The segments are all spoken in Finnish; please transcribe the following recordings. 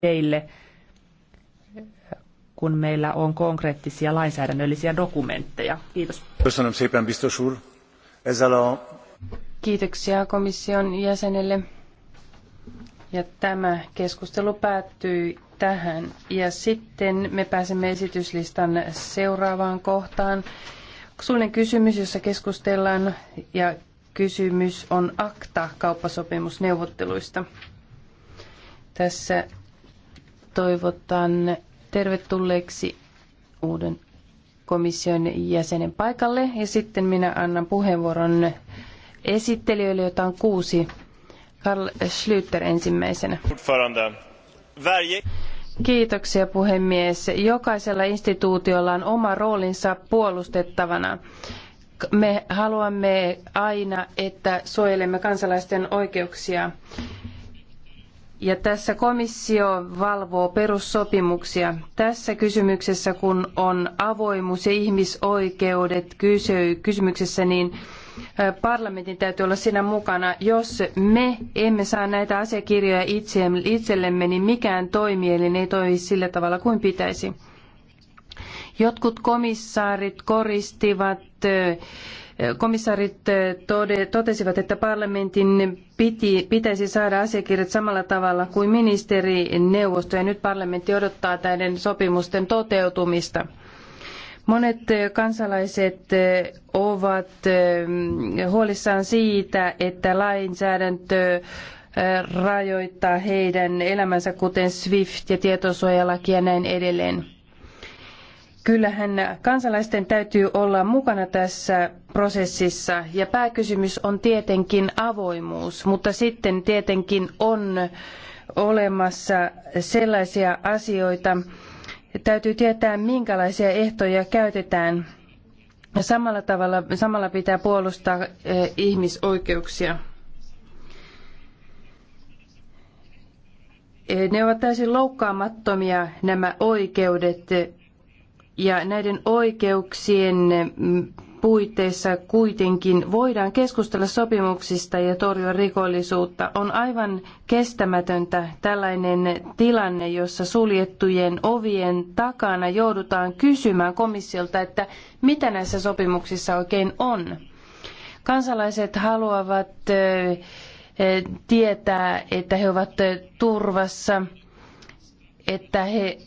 teille, kun meillä on konkreettisia lainsäädännöllisiä dokumentteja. Kiitos. Kiitoksia komission jäsenelle. Ja tämä keskustelu päättyy tähän. Ja sitten me pääsemme esityslistan seuraavaan kohtaan. Suullinen kysymys, jossa keskustellaan ja kysymys on akta kauppasopimusneuvotteluista. Tässä toivotan tervetulleeksi uuden komission jäsenen paikalle ja sitten minä annan puheenvuoron esittelijöille, jota on kuusi. Karl Schlüter ensimmäisenä. Kiitoksia puhemies. Jokaisella instituutiolla on oma roolinsa puolustettavana. Me haluamme aina, että suojelemme kansalaisten oikeuksia. Ja tässä komissio valvoo perussopimuksia. Tässä kysymyksessä, kun on avoimuus ja ihmisoikeudet kysymyksessä, niin parlamentin täytyy olla siinä mukana. Jos me emme saa näitä asiakirjoja itsellemme, niin mikään toimielin ei toimi sillä tavalla kuin pitäisi. Jotkut komissaarit koristivat Komissarit eh, totesivat, että parlamentin piti, pitäisi saada asiakirjat samalla tavalla kuin ministerineuvosto, ja nyt parlamentti odottaa näiden sopimusten toteutumista. Monet eh, kansalaiset eh, ovat huolissaan siitä, että lainsäädäntö rajoittaa heidän elämänsä, kuten SWIFT ja tietosuojalaki ja näin edelleen. Kyllähän kansalaisten täytyy olla mukana tässä prosessissa ja pääkysymys on tietenkin avoimuus, mutta sitten tietenkin on olemassa sellaisia asioita, täytyy tietää minkälaisia ehtoja käytetään. Samalla tavalla samalla pitää puolustaa eh, ihmisoikeuksia. Eh, ne ovat täysin loukkaamattomia nämä oikeudet ja näiden oikeuksien mm, puitteissa kuitenkin voidaan keskustella sopimuksista ja torjua rikollisuutta. On aivan kestämätöntä tällainen tilanne, jossa suljettujen ovien takana joudutaan kysymään komissiolta, että mitä näissä sopimuksissa oikein on. Kansalaiset haluavat tietää, että he ovat turvassa, että he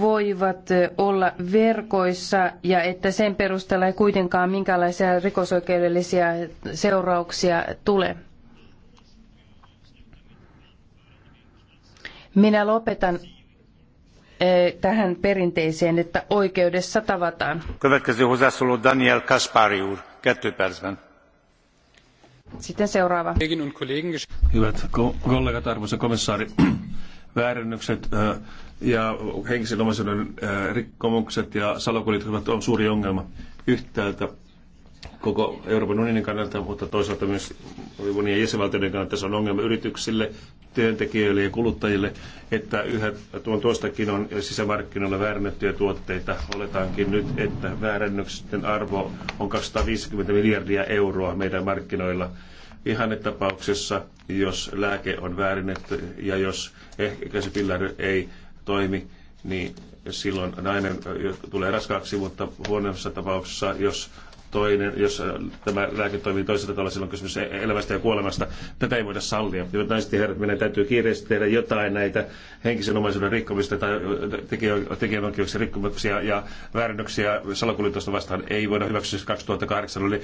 voivat olla verkoissa ja että sen perusteella ei kuitenkaan minkäänlaisia rikosoikeudellisia seurauksia tule. Minä lopetan tähän perinteiseen, että oikeudessa tavataan. Következő hozzászóló Daniel Kaspariur, úr, Sitten seuraava. Hyvät kollegat, arvoisa komissaari, väärennykset ja henkisen omaisuuden rikkomukset ja salakuljetukset on suuri ongelma yhtäältä koko Euroopan unionin kannalta, mutta toisaalta myös monien jäsenvaltioiden kannalta se on ongelma yrityksille, työntekijöille ja kuluttajille, että yhä tuon tuostakin on sisämarkkinoilla väärennettyjä tuotteita. Oletaankin nyt, että väärennyksen arvo on 250 miljardia euroa meidän markkinoilla ihannetapauksessa, jos lääke on väärinnetty ja jos ehkäisypillary ei toimi, niin silloin nainen eh, tulee raskaaksi, mutta huonommassa tapauksessa, jos toinen, jos eh, tämä lääke toimii toisella tavalla, silloin kysymys e-, elämästä ja kuolemasta. Tätä ei voida sallia. Ja naiset ja herrat, meidän täytyy kiireesti tehdä jotain näitä henkisen omaisuuden rikkomista tai eh, tekijänoikeuksien rikkomuksia ja väärännöksiä salakuljetusta vastaan ei voida hyväksyä. 2008 oli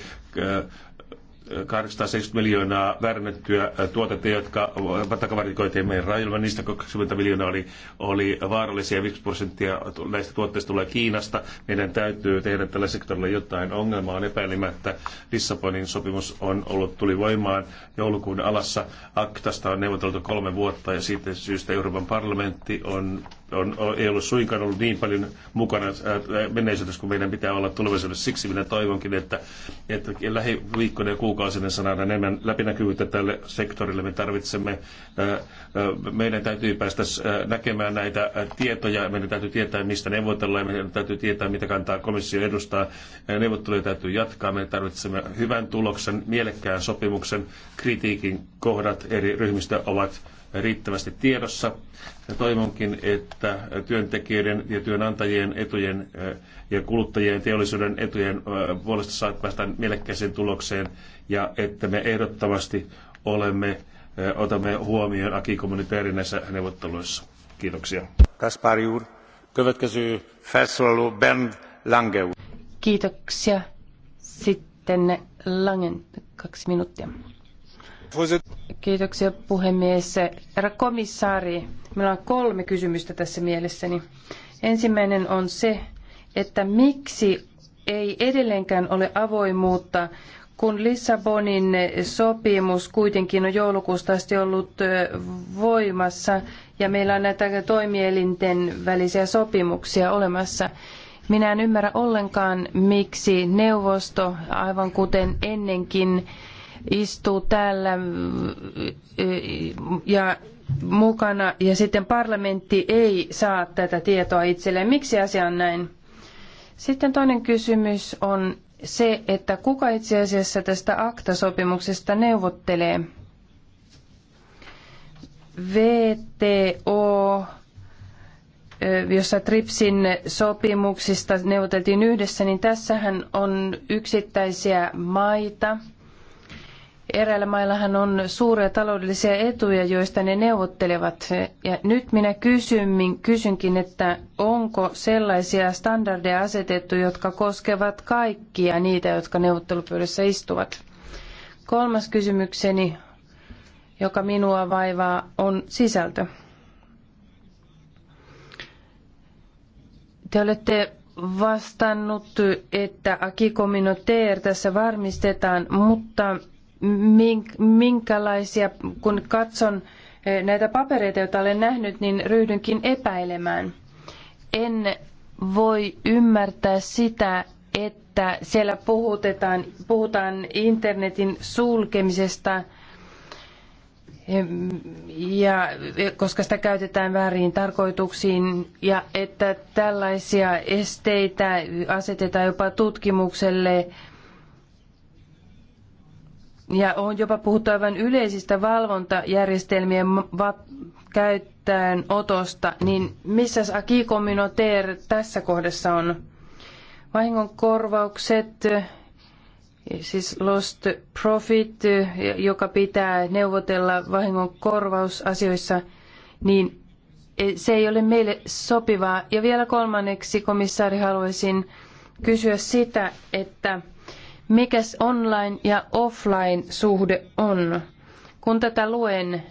870 miljoonaa väärennettyä tuotetta, jotka takavarikoitiin meidän rajoilla. Niistä 20 miljoonaa oli, oli vaarallisia, 5 prosenttia näistä tuotteista tulee Kiinasta. Meidän täytyy tehdä tällä sektorilla jotain. ongelmaa. on epäilemättä. Lissabonin sopimus on ollut, tuli voimaan joulukuun alassa. Aktasta on neuvoteltu kolme vuotta ja siitä syystä Euroopan parlamentti on, on, ei ollut suinkaan ollut niin paljon mukana menneisyydessä kuin meidän pitää olla tulevaisuudessa. Siksi minä toivonkin, että, että lähiviikkoina ja kuukausina kuukausina saadaan enemmän läpinäkyvyyttä tälle sektorille. Me tarvitsemme, meidän täytyy päästä näkemään näitä tietoja, meidän täytyy tietää, mistä neuvotellaan, meidän täytyy tietää, mitä kantaa komissio edustaa. Neuvotteluja täytyy jatkaa, me tarvitsemme hyvän tuloksen, mielekkään sopimuksen, kritiikin kohdat eri ryhmistä ovat riittävästi tiedossa. Ja toivonkin, että työntekijöiden ja työnantajien etujen ja kuluttajien ja teollisuuden etujen puolesta saat päästä mielekkäiseen tulokseen ja että me ehdottomasti olemme, otamme huomioon aki näissä neuvotteluissa. Kiitoksia. Kaspar Juur. Következő felszólaló Bernd Lange. Kiitoksia. Sitten Langen kaksi minuuttia. Kiitoksia puhemies. Herra komissaari, meillä on kolme kysymystä tässä mielessäni. Ensimmäinen on se, että miksi ei edelleenkään ole avoimuutta kun Lissabonin sopimus kuitenkin on joulukuusta asti ollut voimassa ja meillä on näitä toimielinten välisiä sopimuksia olemassa, minä en ymmärrä ollenkaan, miksi neuvosto, aivan kuten ennenkin, istuu täällä ja mukana ja sitten parlamentti ei saa tätä tietoa itselleen. Miksi asia on näin? Sitten toinen kysymys on se, että kuka itse asiassa tästä aktasopimuksesta neuvottelee. VTO, jossa TRIPSin sopimuksista neuvoteltiin yhdessä, niin tässähän on yksittäisiä maita – Eräillä maillahan on suuria taloudellisia etuja, joista ne neuvottelevat. Ja nyt minä kysyn, kysynkin, että onko sellaisia standardeja asetettu, jotka koskevat kaikkia niitä, jotka neuvottelupöydässä istuvat. Kolmas kysymykseni, joka minua vaivaa, on sisältö. Te olette vastannut, että akikominoteer tässä varmistetaan, mutta minkälaisia, kun katson eh, näitä papereita, joita olen nähnyt, niin ryhdynkin epäilemään. En voi ymmärtää sitä, että siellä puhutetaan, puhutaan internetin sulkemisesta, eh, ja, eh, koska sitä käytetään väärin tarkoituksiin, ja että tällaisia esteitä asetetaan jopa tutkimukselle, ja on jopa puhuttu aivan yleisistä valvontajärjestelmien käyttäen otosta, niin missä acquis communautaire tässä kohdassa on? Vahingonkorvaukset, siis lost profit, joka pitää neuvotella vahingonkorvausasioissa, niin se ei ole meille sopivaa. Ja vielä kolmanneksi komissaari haluaisin kysyä sitä, että mikäs online- ja offline-suhde on. Kun tätä luen,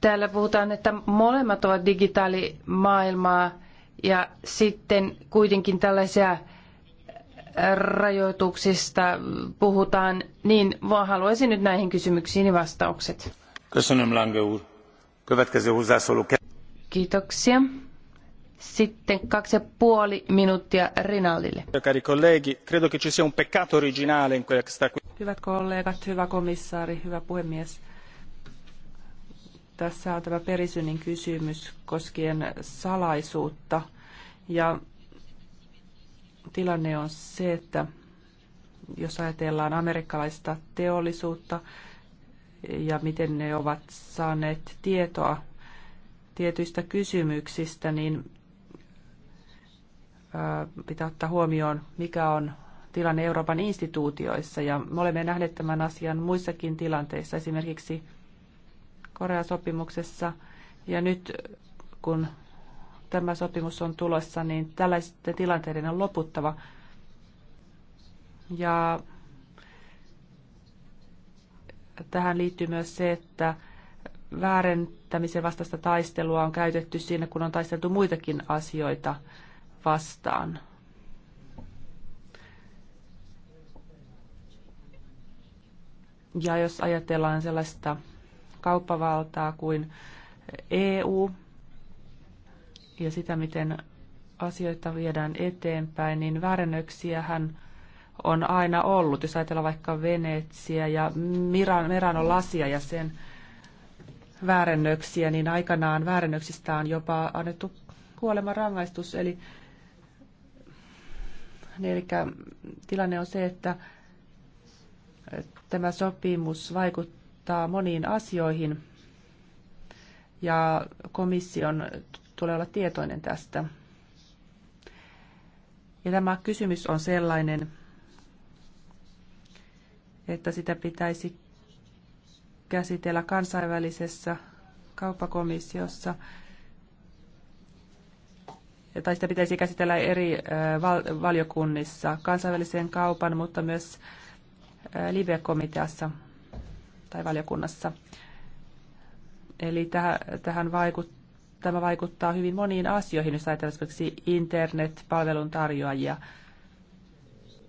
täällä puhutaan, että molemmat ovat digitaalimaailmaa ja sitten kuitenkin tällaisia rajoituksista puhutaan, niin haluaisin nyt näihin kysymyksiin vastaukset. Kiitoksia. Sitten kaksi ja puoli minuuttia Rinaldille. Hyvät kollegat, hyvä komissaari, hyvä puhemies. Tässä on tämä perisynin kysymys koskien salaisuutta. Ja tilanne on se, että jos ajatellaan amerikkalaista teollisuutta ja miten ne ovat saaneet tietoa tietyistä kysymyksistä, niin pitää ottaa huomioon, mikä on tilanne Euroopan instituutioissa. Ja me olemme nähneet tämän asian muissakin tilanteissa, esimerkiksi Korea-sopimuksessa. Ja nyt kun tämä sopimus on tulossa, niin tällaisten tilanteiden on loputtava. Ja tähän liittyy myös se, että väärentämisen vastaista taistelua on käytetty siinä, kun on taisteltu muitakin asioita – vastaan. Ja jos ajatellaan sellaista kauppavaltaa kuin EU ja sitä, miten asioita viedään eteenpäin, niin väärännöksiähän on aina ollut. Jos ajatellaan vaikka Venetsiä ja Merano lasia ja sen väärännöksiä, niin aikanaan väärännöksistä on jopa annettu kuolemanrangaistus. Eli niin, eli tilanne on se, että tämä sopimus vaikuttaa moniin asioihin ja komission tulee olla tietoinen tästä. Ja tämä kysymys on sellainen, että sitä pitäisi käsitellä kansainvälisessä kauppakomissiossa – tai sitä pitäisi käsitellä eri valiokunnissa, kansainvälisen kaupan, mutta myös live-komiteassa tai valiokunnassa. Eli tähän vaikuttaa tämä vaikuttaa hyvin moniin asioihin, jos ajatellaan esimerkiksi internet-palvelun tarjoajia.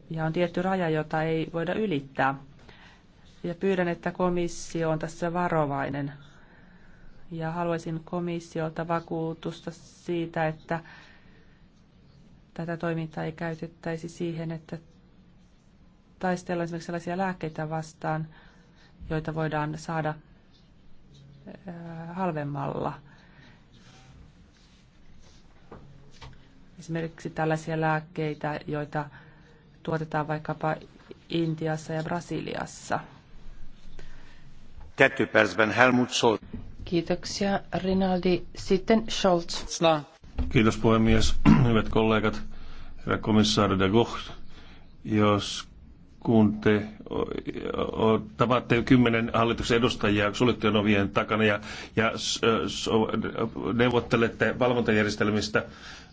Ja on tietty raja, jota ei voida ylittää. Ja pyydän, että komissio on tässä varovainen. Ja haluaisin komissiolta vakuutusta siitä, että tätä toimintaa ei käytettäisi siihen, että taistellaan esimerkiksi sellaisia lääkkeitä vastaan, joita voidaan saada halvemmalla. Esimerkiksi tällaisia lääkkeitä, joita tuotetaan vaikkapa Intiassa ja Brasiliassa. Helmut Kiitoksia, Rinaldi. Sitten Scholz. Sna. Kiitos puhemies, hyvät kollegat, herra komissaari de Gucht. Jos kun te tapaatte kymmenen hallituksen edustajia suljettujen ovien takana ja, ja so, neuvottelette valvontajärjestelmistä,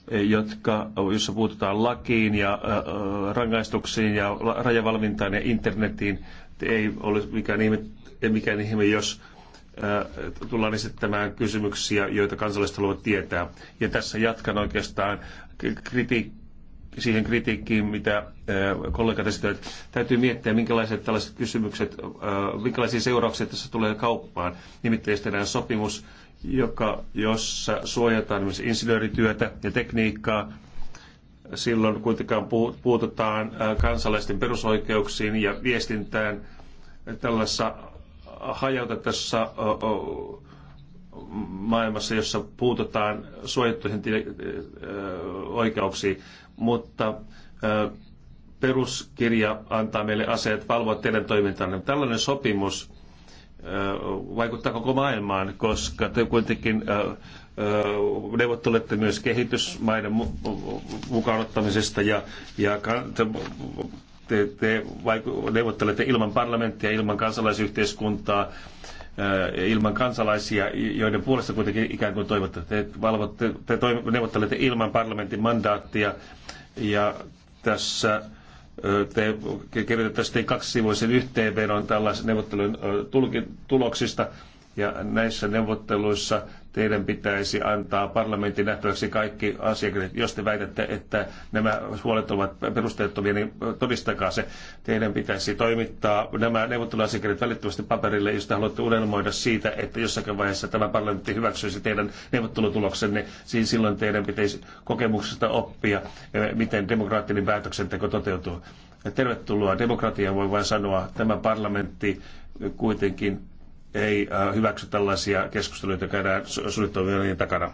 e, jotka, jossa puututaan lakiin ja ä, rangaistuksiin ja rajavalvintaan ja internetiin, ei ole mikään ihme, mikään ihme jos tullaan esittämään kysymyksiä, joita kansalaiset haluavat tietää. Ja tässä jatkan oikeastaan kritiik- siihen kritiikkiin, mitä kollegat esittävät. Täytyy miettiä, minkälaiset tällaiset kysymykset, minkälaisia seurauksia tässä tulee kauppaan. Nimittäin tehdään sopimus, joka, jossa suojataan esimerkiksi insinöörityötä ja tekniikkaa, silloin kuitenkaan puututaan kansalaisten perusoikeuksiin ja viestintään tällaisessa hajautettavassa maailmassa, jossa puututaan suojattuihin oikeuksiin, mutta peruskirja antaa meille aseet valvoa teidän toimintanne. Tällainen sopimus vaikuttaa koko maailmaan, koska te kuitenkin neuvottelette myös kehitysmaiden mukaan ottamisesta ja, ja te, te neuvottelette ilman parlamenttia, ilman kansalaisyhteiskuntaa, äh, ilman kansalaisia, joiden puolesta kuitenkin ikään kuin toivotte. Te, valvotte, te toim- neuvottelette ilman parlamentin mandaattia ja tässä äh, te kirjoitatte kaksisivuisen yhteenvedon tällaisen neuvottelun äh, tuloksista ja näissä neuvotteluissa teidän pitäisi antaa parlamentin nähtäväksi kaikki asiakirjat. Jos te väitätte, että nämä huolet ovat perusteettomia, niin todistakaa se. Teidän pitäisi toimittaa nämä neuvotteluasiakirjat välittömästi paperille, jos te haluatte unelmoida siitä, että jossakin vaiheessa tämä parlamentti hyväksyisi teidän neuvottelutuloksenne. Siis silloin teidän pitäisi kokemuksesta oppia, eh, miten demokraattinen päätöksenteko toteutuu. Tervetuloa. demokratiaan, voi vain sanoa, tämä parlamentti kuitenkin ei äh, hyväksy tällaisia keskusteluja, joita käydään suljettujen takana.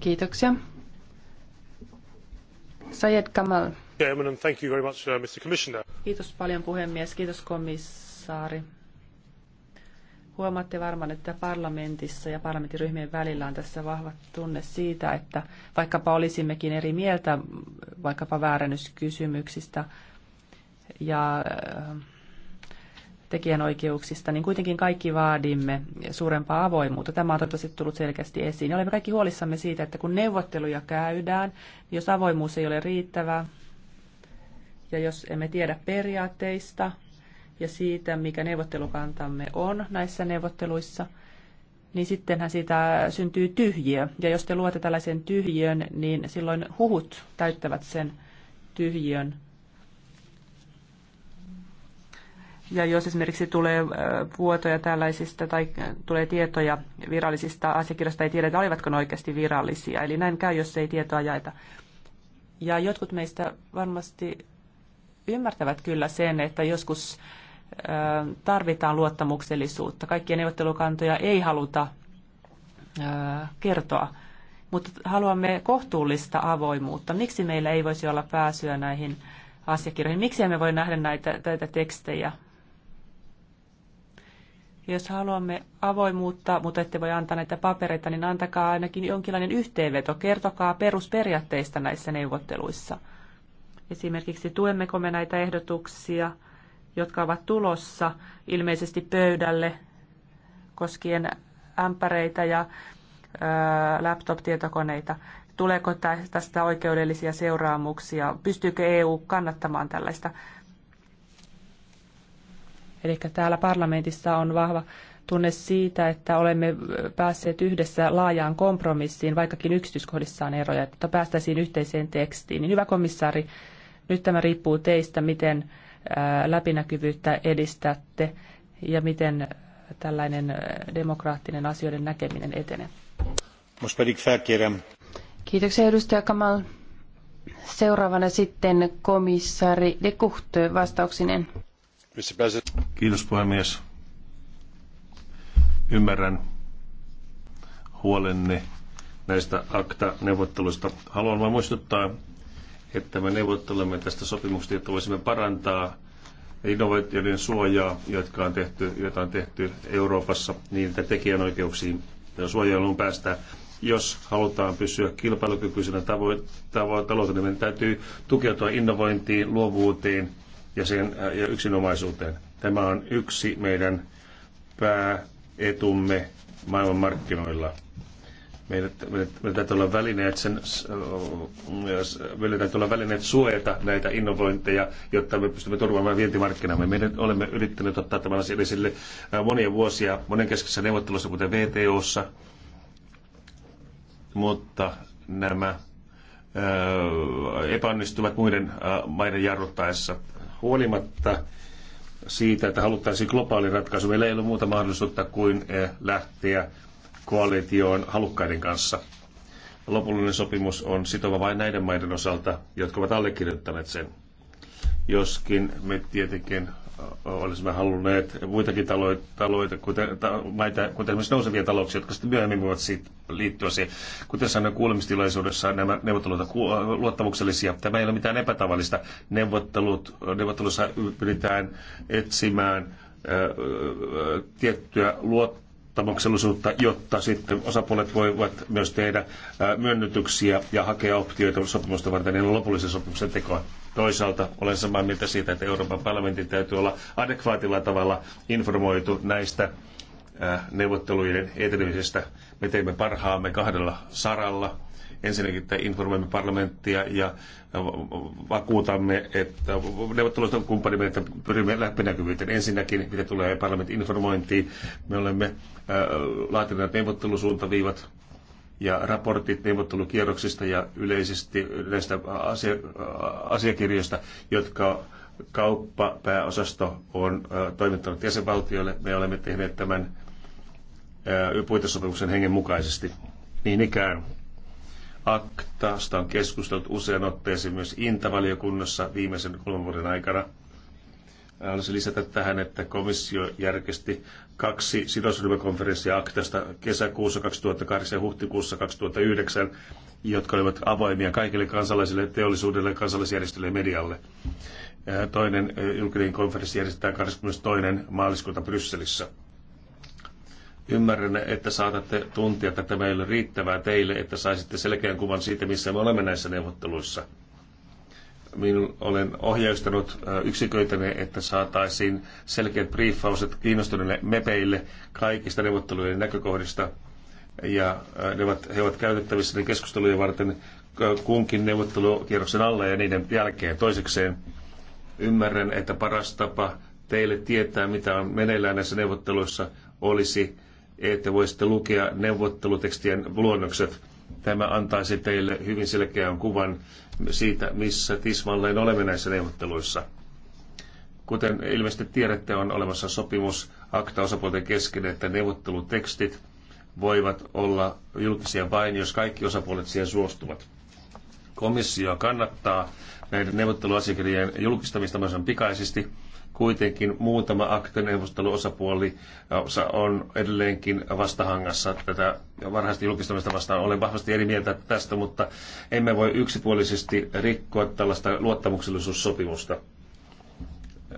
Kiitoksia. Sayed Kamal. Uh, kiitos paljon puhemies, kiitos komissaari. Huomaatte varmaan, että parlamentissa ja parlamenttiryhmien välillä on tässä vahva tunne siitä, että vaikkapa olisimmekin eri mieltä vaikkapa väärennyskysymyksistä ja äh, tekijänoikeuksista, niin kuitenkin kaikki vaadimme suurempaa avoimuutta. Tämä on toivottavasti tullut selkeästi esiin. Olemme kaikki huolissamme siitä, että kun neuvotteluja käydään, jos avoimuus ei ole riittävä ja jos emme tiedä periaatteista ja siitä, mikä neuvottelukantamme on näissä neuvotteluissa, niin sittenhän siitä syntyy tyhjiö. Ja jos te luotte tällaisen tyhjön, niin silloin huhut täyttävät sen tyhjön. Ja jos esimerkiksi tulee vuotoja tällaisista tai tulee tietoja virallisista asiakirjoista, ei tiedetä, olivatko ne oikeasti virallisia. Eli näin käy, jos ei tietoa jaeta. Ja jotkut meistä varmasti ymmärtävät kyllä sen, että joskus tarvitaan luottamuksellisuutta. Kaikkia neuvottelukantoja ei haluta kertoa, mutta haluamme kohtuullista avoimuutta. Miksi meillä ei voisi olla pääsyä näihin asiakirjoihin? Miksi emme voi nähdä näitä, näitä tekstejä? Jos haluamme avoimuutta, mutta ette voi antaa näitä papereita, niin antakaa ainakin jonkinlainen yhteenveto. Kertokaa perusperiaatteista näissä neuvotteluissa. Esimerkiksi tuemmeko me näitä ehdotuksia, jotka ovat tulossa ilmeisesti pöydälle koskien ämpäreitä ja laptop-tietokoneita. Tuleeko tästä oikeudellisia seuraamuksia? Pystyykö EU kannattamaan tällaista? Eli täällä parlamentissa on vahva tunne siitä, että olemme päässeet yhdessä laajaan kompromissiin, vaikkakin yksityiskohdissa on eroja, että päästäisiin yhteiseen tekstiin. Niin hyvä komissaari, nyt tämä riippuu teistä, miten läpinäkyvyyttä edistätte ja miten tällainen demokraattinen asioiden näkeminen etenee. Kiitoksia edustaja Kamal. Seuraavana sitten komissaari de vastauksinen. Kiitos puhemies. Ymmärrän huolenne näistä akta-neuvotteluista. Haluan vain muistuttaa, että me neuvottelemme tästä sopimuksesta, jotta voisimme parantaa innovaatioiden suojaa, jotka on tehty, joita on tehty Euroopassa, niin että tekijänoikeuksiin ja suojeluun päästään. Jos halutaan pysyä kilpailukykyisenä tavoitteena, tavo- taloutena, niin meidän täytyy tukeutua innovointiin, luovuuteen – ja, sen, äh, ja yksinomaisuuteen. Tämä on yksi meidän pääetumme maailmanmarkkinoilla. Meillä, meillä täytyy olla välineet, sen, äh, meillä täytyy olla välineet suojata näitä innovointeja, jotta me pystymme turvaamaan vientimarkkinamme. Me olemme yrittäneet ottaa tämän asian esille äh, monia vuosia monenkeskisissä neuvottelussa, kuten VTOssa, mutta nämä epäonnistuvat muiden maiden jarruttaessa huolimatta siitä, että haluttaisiin globaali ratkaisu, meillä ei ole muuta mahdollisuutta kuin eh, lähteä koalitioon halukkaiden kanssa. Lopullinen sopimus on sitova vain näiden maiden osalta, jotka ovat allekirjoittaneet sen. Joskin me tietenkin olisimme halunneet muitakin taloita, taloita kuten, ta, maita, kuten esimerkiksi nousevia talouksia, jotka sitten myöhemmin voivat siitä liittyä siihen. Kuten sanoin kuulemistilaisuudessa, nämä neuvottelut ovat luottamuksellisia. Tämä ei ole mitään epätavallista. Neuvottelut, neuvottelussa pyritään etsimään ää, ää, tiettyä luottamusta luottamuksellisuutta, jotta sitten osapuolet voivat myös tehdä myönnytyksiä ja hakea optioita sopimusta varten niin lopullisen sopimuksen tekoa. Toisaalta olen samaa mieltä siitä, että Euroopan parlamentin täytyy olla adekvaatilla tavalla informoitu näistä neuvotteluiden etenemisestä. Me teemme parhaamme kahdella saralla Ensinnäkin, että informoimme parlamenttia ja vakuutamme, että neuvottelusta kumppanimme, että pyrimme läpinäkyvyyteen. Ensinnäkin, mitä tulee parlamentin informointiin, me olemme äh, laatineet neuvottelusuuntaviivat ja raportit neuvottelukierroksista ja yleisesti näistä asia, äh, asiakirjoista, jotka kauppapääosasto on äh, toimittanut jäsenvaltioille. Me olemme tehneet tämän puitesopimuksen hengen mukaisesti. Niin ikään Aktaasta on keskusteltu usean otteeseen myös Intavaliokunnassa viimeisen kolmen vuoden aikana. Haluaisin lisätä tähän, että komissio järkesti kaksi sidosryhmäkonferenssia Aktasta kesäkuussa 2008 ja huhtikuussa 2009, jotka olivat avoimia kaikille kansalaisille, teollisuudelle, kansalaisjärjestöille ja medialle. Toinen julkinen konferenssi järjestetään 22. maaliskuuta Brysselissä. Ymmärrän, että saatatte tuntia, että tämä ei ole riittävää teille, että saisitte selkeän kuvan siitä, missä me olemme näissä neuvotteluissa. Minun olen ohjeistanut yksiköitäne, että saataisiin selkeät brieffaukset kiinnostuneille mepeille kaikista neuvottelujen näkökohdista. Ja ne ovat, he ovat käytettävissä ne keskustelujen varten kunkin neuvottelukierroksen alla ja niiden jälkeen. Toisekseen ymmärrän, että paras tapa teille tietää, mitä on meneillään näissä neuvotteluissa, olisi että voisitte lukea neuvottelutekstien luonnokset. Tämä antaisi teille hyvin selkeän kuvan siitä, missä tismalleen olemme näissä neuvotteluissa. Kuten ilmeisesti tiedätte, on olemassa sopimus akta osapuolten kesken, että neuvottelutekstit voivat olla julkisia vain, jos kaikki osapuolet siihen suostuvat. Komissio kannattaa näiden neuvotteluasiakirjojen julkistamista mahdollisimman pikaisesti Kuitenkin muutama aktoneuvottelu osapuoli on edelleenkin vastahangassa tätä varhaista julkistamista vastaan. Olen vahvasti eri mieltä tästä, mutta emme voi yksipuolisesti rikkoa tällaista luottamuksellisuussopimusta.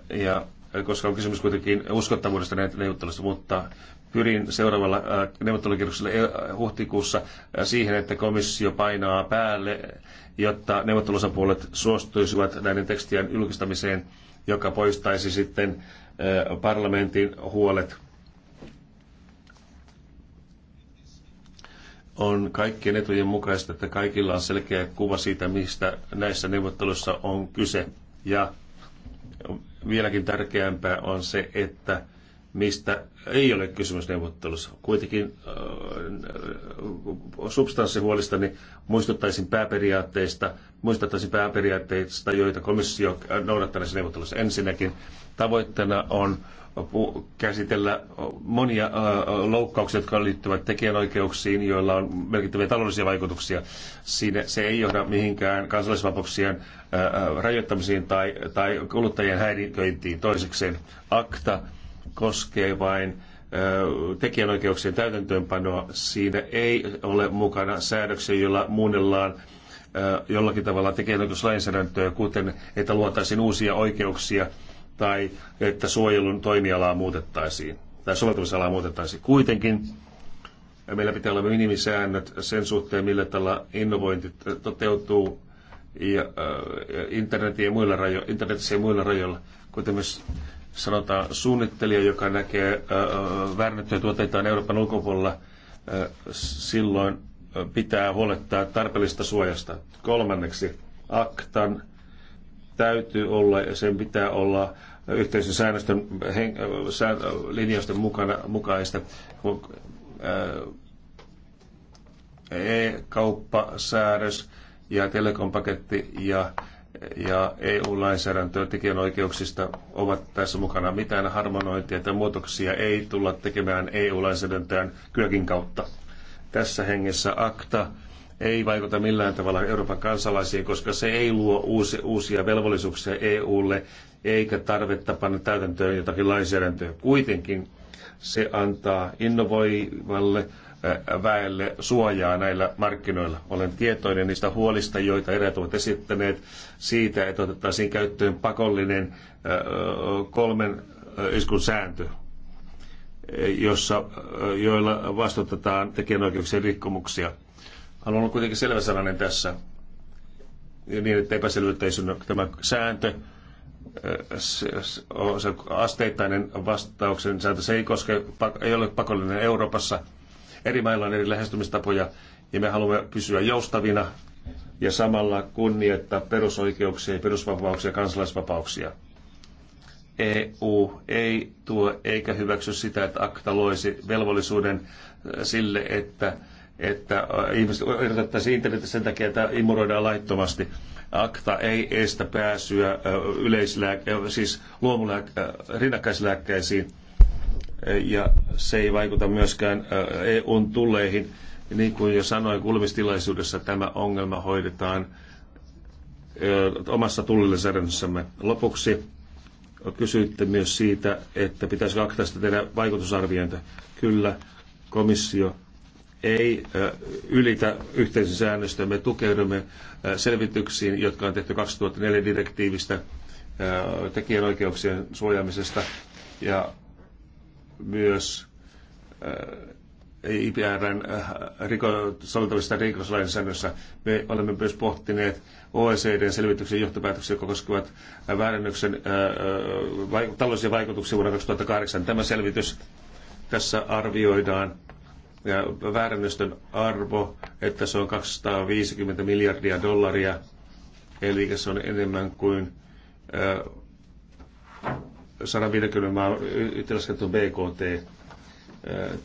Ja koska on kysymys kuitenkin uskottavuudesta neuvottelusta, mutta pyrin seuraavalla äh, neuvottelukierroksella äh, huhtikuussa äh, siihen, että komissio painaa päälle, jotta neuvottelusapuolet suostuisivat näiden tekstien julkistamiseen joka poistaisi sitten parlamentin huolet. On kaikkien etujen mukaista, että kaikilla on selkeä kuva siitä, mistä näissä neuvotteluissa on kyse. Ja vieläkin tärkeämpää on se, että mistä ei ole kysymys neuvottelussa. Kuitenkin äh, niin muistuttaisin pääperiaatteista, muistuttaisin pääperiaatteista, joita komissio noudattaa näissä neuvotteluissa. Ensinnäkin tavoitteena on käsitellä monia äh, loukkauksia, jotka liittyvät tekijänoikeuksiin, joilla on merkittäviä taloudellisia vaikutuksia. Siinä se ei johda mihinkään kansallisvapauksien äh, rajoittamisiin tai, tai kuluttajien häiriköintiin. Toisekseen akta koskee vain tekijänoikeuksien täytäntöönpanoa. Siinä ei ole mukana säädöksiä, joilla muunnellaan jollakin tavalla tekijänoikeuslainsäädäntöä, kuten että luotaisiin uusia oikeuksia tai että suojelun toimialaa muutettaisiin tai soveltamisalaa muutettaisiin. Kuitenkin meillä pitää olla minimisäännöt sen suhteen, millä tällä innovointi toteutuu ja, ja muilla rajo- ja muilla rajoilla, kuten myös sanotaan suunnittelija, joka näkee väärännettyjä tuotteitaan Euroopan ulkopuolella, silloin pitää huolettaa tarpeellista suojasta. Kolmanneksi, aktan täytyy olla ja sen pitää olla yhteisön säännösten hen, sään, linjausten mukana, mukaista. E-kauppasäädös ja telekompaketti ja ja EU-lainsäädäntöä tekijänoikeuksista ovat tässä mukana. Mitään harmonointia tai muutoksia ei tulla tekemään EU-lainsäädäntöön kyökin kautta. Tässä hengessä akta ei vaikuta millään tavalla Euroopan kansalaisiin, koska se ei luo uusi, uusia velvollisuuksia EUlle eikä tarvetta panna täytäntöön jotakin lainsäädäntöä. Kuitenkin se antaa innovoivalle väelle suojaa näillä markkinoilla. Olen tietoinen niistä huolista, joita eräät ovat esittäneet siitä, että otettaisiin käyttöön pakollinen kolmen iskun sääntö, jossa, joilla vastutetaan tekijänoikeuksien rikkomuksia. Haluan olla kuitenkin sananen tässä, niin että epäselvyyttä ei synny. Tämä sääntö se, se, se asteittainen vastauksen sääntö. Se ei, koske, ei ole pakollinen Euroopassa. Eri mailla on eri lähestymistapoja ja me haluamme pysyä joustavina ja samalla kunnioittaa perusoikeuksia ja perusvapauksia ja kansalaisvapauksia. EU ei tuo eikä hyväksy sitä, että akta loisi velvollisuuden äh, sille, että, että äh, ihmiset irrotettaisiin internetissä sen takia, että imuroidaan laittomasti. Akta ei estä pääsyä äh, yleislääke- siis luomulääke- rinnakkaislääkkeisiin ja se ei vaikuta myöskään EUn tulleihin. Niin kuin jo sanoin kulmistilaisuudessa, tämä ongelma hoidetaan omassa tullilainsäädännössämme. Lopuksi kysyitte myös siitä, että pitäisikö aktaista tehdä vaikutusarviointia. Kyllä, komissio ei ylitä yhteisön säännöstä. Me tukeudumme selvityksiin, jotka on tehty 2004 direktiivistä tekijänoikeuksien suojaamisesta ja myös äh, IPRn äh, riko, soveltavista rikoslainsäädännössä. Me olemme myös pohtineet OECDn selvityksen johtopäätöksiä, jotka koskevat äh, äh vaik- taloudellisia vaikutuksia vuonna 2008. Tämä selvitys tässä arvioidaan ja väärennösten arvo, että se on 250 miljardia dollaria, eli se on enemmän kuin 150 maan yhteenlaskettu BKT.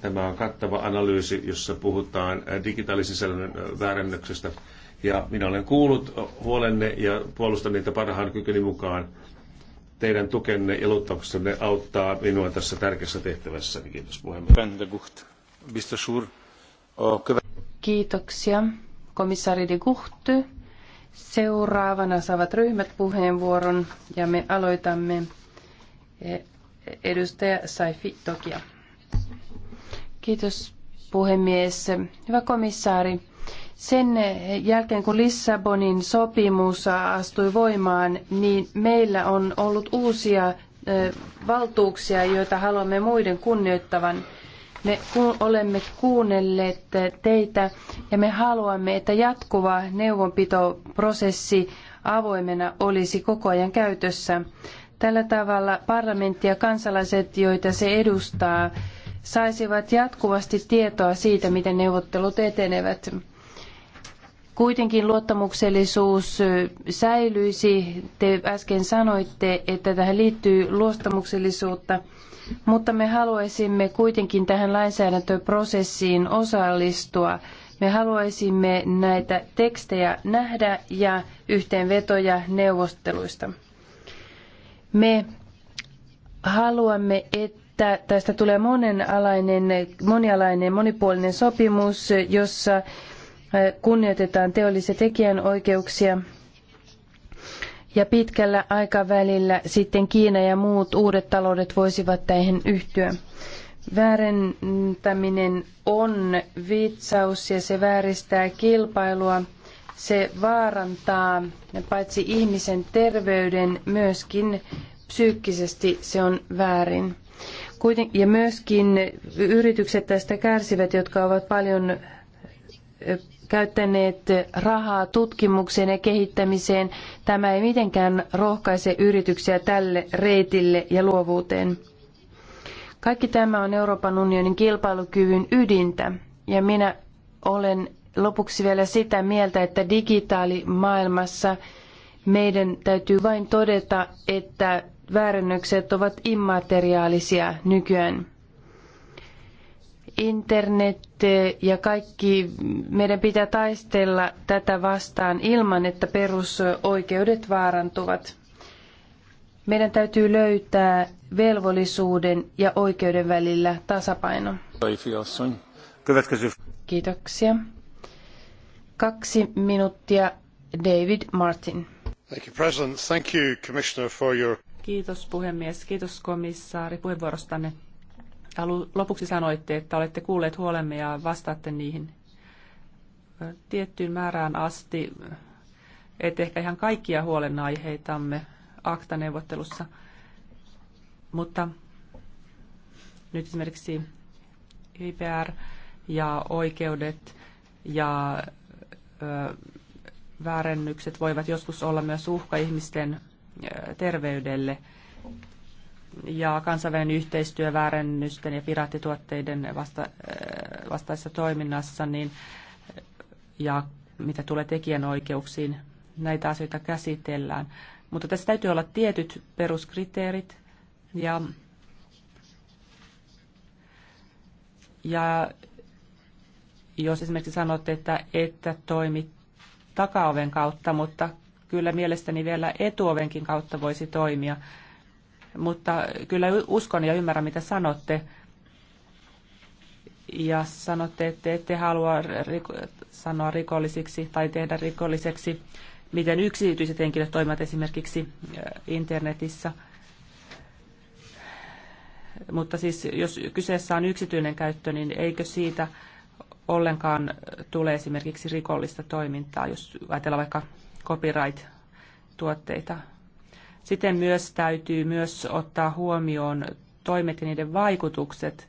Tämä on kattava analyysi, jossa puhutaan digitaalisisällön väärännöksestä. Ja minä olen kuullut huolenne ja puolustan niitä parhaan kykyni mukaan. Teidän tukenne ja luottamuksenne auttaa minua tässä tärkeässä tehtävässä. Kiitos puhemies. Kiitoksia. Komissaari de Gucht. Seuraavana saavat ryhmät puheenvuoron ja me aloitamme Edustaja Saifi Tokia. Kiitos puhemies. Hyvä komissaari. Sen jälkeen kun Lissabonin sopimus astui voimaan, niin meillä on ollut uusia valtuuksia, joita haluamme muiden kunnioittavan. Me olemme kuunnelleet teitä ja me haluamme, että jatkuva neuvonpitoprosessi avoimena olisi koko ajan käytössä. Tällä tavalla parlamentti ja kansalaiset, joita se edustaa, saisivat jatkuvasti tietoa siitä, miten neuvottelut etenevät. Kuitenkin luottamuksellisuus säilyisi. Te äsken sanoitte, että tähän liittyy luottamuksellisuutta, mutta me haluaisimme kuitenkin tähän lainsäädäntöprosessiin osallistua. Me haluaisimme näitä tekstejä nähdä ja yhteenvetoja neuvosteluista. Me haluamme, että tästä tulee monenalainen, monialainen, monipuolinen sopimus, jossa eh, kunnioitetaan teollisia tekijänoikeuksia. Ja pitkällä aikavälillä sitten Kiina ja muut uudet taloudet voisivat tähän yhtyä. Väärentäminen on vitsaus ja se vääristää kilpailua se vaarantaa paitsi ihmisen terveyden, myöskin psyykkisesti se on väärin. Kuiten, ja myöskin yritykset tästä kärsivät, jotka ovat paljon käyttäneet rahaa tutkimukseen ja kehittämiseen. Tämä ei mitenkään rohkaise yrityksiä tälle reitille ja luovuuteen. Kaikki tämä on Euroopan unionin kilpailukyvyn ydintä ja minä olen lopuksi vielä sitä mieltä, että digitaalimaailmassa meidän täytyy vain todeta, että väärennökset ovat immateriaalisia nykyään. Internet ja kaikki, meidän pitää taistella tätä vastaan ilman, että perusoikeudet vaarantuvat. Meidän täytyy löytää velvollisuuden ja oikeuden välillä tasapaino. Kiitoksia. Kaksi minuuttia David Martin. Thank you, President. Thank you, Commissioner, for your... Kiitos puhemies, kiitos komissaari puheenvuorostanne. Lopuksi sanoitte, että olette kuulleet huolemme ja vastaatte niihin tiettyyn määrään asti, et ehkä ihan kaikkia huolenaiheitamme akta-neuvottelussa, mutta nyt esimerkiksi IPR ja oikeudet ja väärennykset voivat joskus olla myös uhka ihmisten terveydelle. Ja kansainvälinen yhteistyö väärennysten ja piraattituotteiden vasta, vastaisessa toiminnassa niin, ja mitä tulee tekijänoikeuksiin, näitä asioita käsitellään. Mutta tässä täytyy olla tietyt peruskriteerit ja, ja jos esimerkiksi sanotte, että, että toimit takaoven kautta, mutta kyllä mielestäni vielä etuovenkin kautta voisi toimia. Mutta kyllä uskon ja ymmärrän, mitä sanotte. Ja sanotte, että ette halua riko- sanoa rikollisiksi tai tehdä rikolliseksi, miten yksityiset henkilöt toimivat esimerkiksi äh, internetissä. Mutta siis jos kyseessä on yksityinen käyttö, niin eikö siitä ollenkaan tule esimerkiksi rikollista toimintaa, jos ajatellaan vaikka copyright-tuotteita. Siten myös täytyy myös ottaa huomioon toimet ja niiden vaikutukset.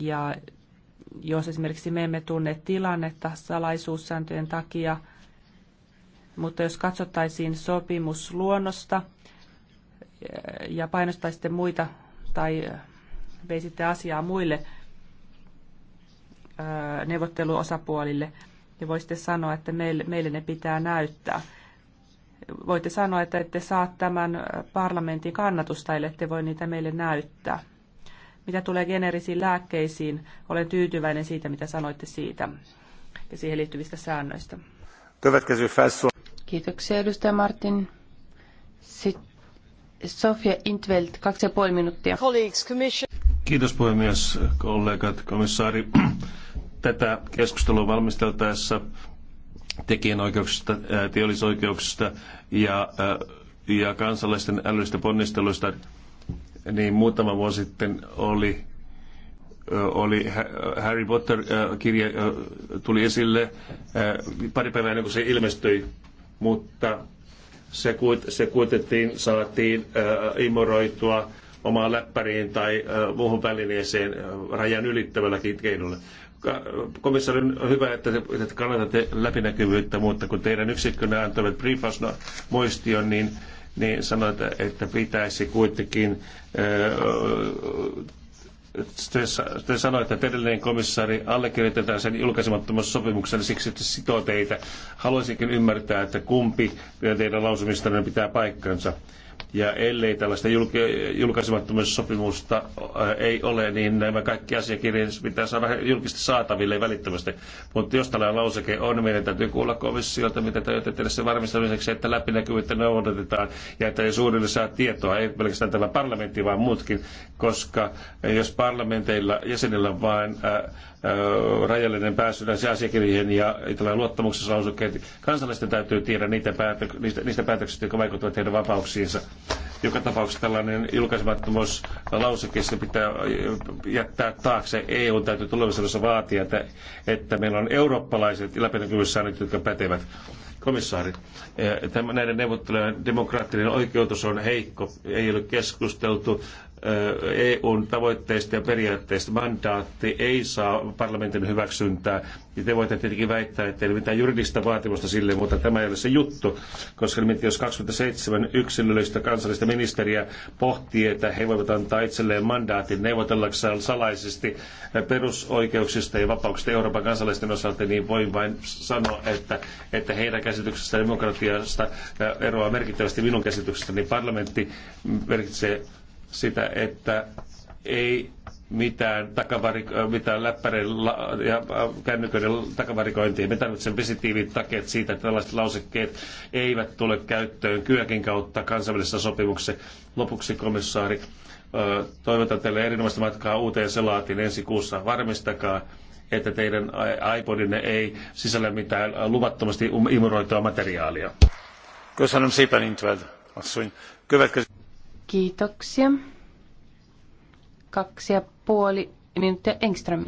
Ja jos esimerkiksi me emme tunne tilannetta salaisuussääntöjen takia, mutta jos katsottaisiin sopimusluonnosta ja painostaisitte muita tai veisitte asiaa muille neuvotteluosapuolille ja voisitte sanoa, että meille, meille ne pitää näyttää. Voitte sanoa, että ette saa tämän parlamentin kannatusta, ellette voi niitä meille näyttää. Mitä tulee generisiin lääkkeisiin, olen tyytyväinen siitä, mitä sanoitte siitä ja siihen liittyvistä säännöistä. Kiitoksia edustaja Martin. Sitten Sofia Intveld, kaksi ja puoli minuuttia. Kiitos puhemies, kollegat, komissaari tätä keskustelua valmisteltaessa tekijänoikeuksista, teollisoikeuksista ja, ja kansalaisten älyllistä ponnisteluista, niin muutama vuosi sitten oli, oli Harry Potter-kirja tuli esille pari päivää ennen kuin se ilmestyi, mutta se, kuit, se kuitettiin, saatiin imuroitua omaan läppäriin tai muuhun välineeseen rajan ylittävälläkin keinolla komissaari, on hyvä, että, te, että kannatatte läpinäkyvyyttä, mutta kun teidän yksikkönne antavat briefausmuistion, niin, niin sanoit, että pitäisi kuitenkin te, te sanoitte, että edellinen komissaari allekirjoitetaan sen julkaisemattomassa sopimuksen siksi, että se sitoo teitä. Haluaisinkin ymmärtää, että kumpi teidän lausumistanne pitää paikkansa. Ja ellei tällaista julk- julkaisemattomuussopimusta äh, ei ole, niin nämä kaikki asiakirjat pitää saada julkisesti saataville välittömästi. Mutta jos tällainen lauseke on, meidän täytyy kuulla komissiolta, mitä olette tehdä sen varmistamiseksi, että läpinäkyvyyttä noudatetaan ja että ei suurille saa tietoa, ei pelkästään tämä parlamentti, vaan muutkin, koska jos parlamenteilla jäsenillä on vain äh, äh, rajallinen pääsy näihin asiakirjoihin ja tällainen luottamuksessa lauseke, kansalaisten täytyy tiedä niitä päätö- niistä, niistä päätöksistä, jotka vaikuttavat heidän vapauksiinsa joka tapauksessa tällainen julkaisemattomuuslauseke pitää jättää taakse. EU täytyy tulevaisuudessa vaatia, että, että meillä on eurooppalaiset läpinäkyvyyssäännöt, jotka pätevät. Komissaari, eh, näiden neuvottelujen demokraattinen oikeutus on heikko. Ei ole keskusteltu EUn tavoitteista ja periaatteista mandaatti ei saa parlamentin hyväksyntää. Ja te voitte tietenkin väittää, että ei ole mitään juridista vaatimusta sille, mutta tämä ei ole se juttu, koska jos 27 yksilöllistä kansallista ministeriä pohtii, että he voivat antaa itselleen mandaatin neuvotellakseen salaisesti perusoikeuksista ja vapauksista Euroopan kansalaisten osalta, niin voin vain sanoa, että, että heidän käsityksestään demokratiasta eroaa merkittävästi minun käsityksestäni. Niin parlamentti merkitsee sitä, että ei mitään, takavarik- äh, mitään läppärin la- ja äh, kännyköiden takavarikointia. Me tarvitsemme positiivit takeet siitä, että tällaiset lausekkeet eivät tule käyttöön kyökin kautta kansainvälisessä sopimuksessa. Lopuksi komissaari, äh, toivotan teille erinomaista matkaa uuteen selaatiin ensi kuussa. Varmistakaa, että teidän iPodinne ei sisällä mitään luvattomasti imuroitua materiaalia. Köszönöm Kiitoksia. Kaksi ja puoli minuuttia Engström.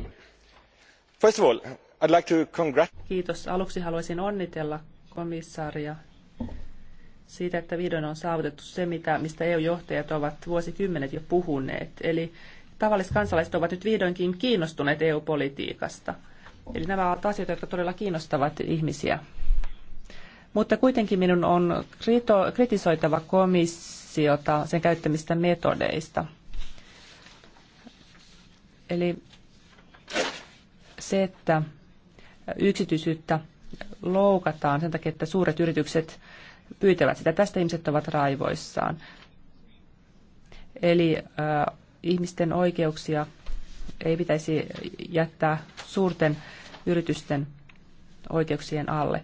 First of all, I'd like to congrat- Kiitos. Aluksi haluaisin onnitella komissaaria siitä, että vihdoin on saavutettu se, mitä, mistä EU-johtajat ovat vuosikymmenet jo puhuneet. Eli tavalliset kansalaiset ovat nyt vihdoinkin kiinnostuneet EU-politiikasta. Eli nämä ovat asioita, jotka todella kiinnostavat ihmisiä. Mutta kuitenkin minun on kritisoitava komissio versiota sen käyttämistä metodeista. Eli se, että yksityisyyttä loukataan sen takia, että suuret yritykset pyytävät sitä. Tästä ihmiset ovat raivoissaan. Eli äh, ihmisten oikeuksia ei pitäisi jättää suurten yritysten oikeuksien alle.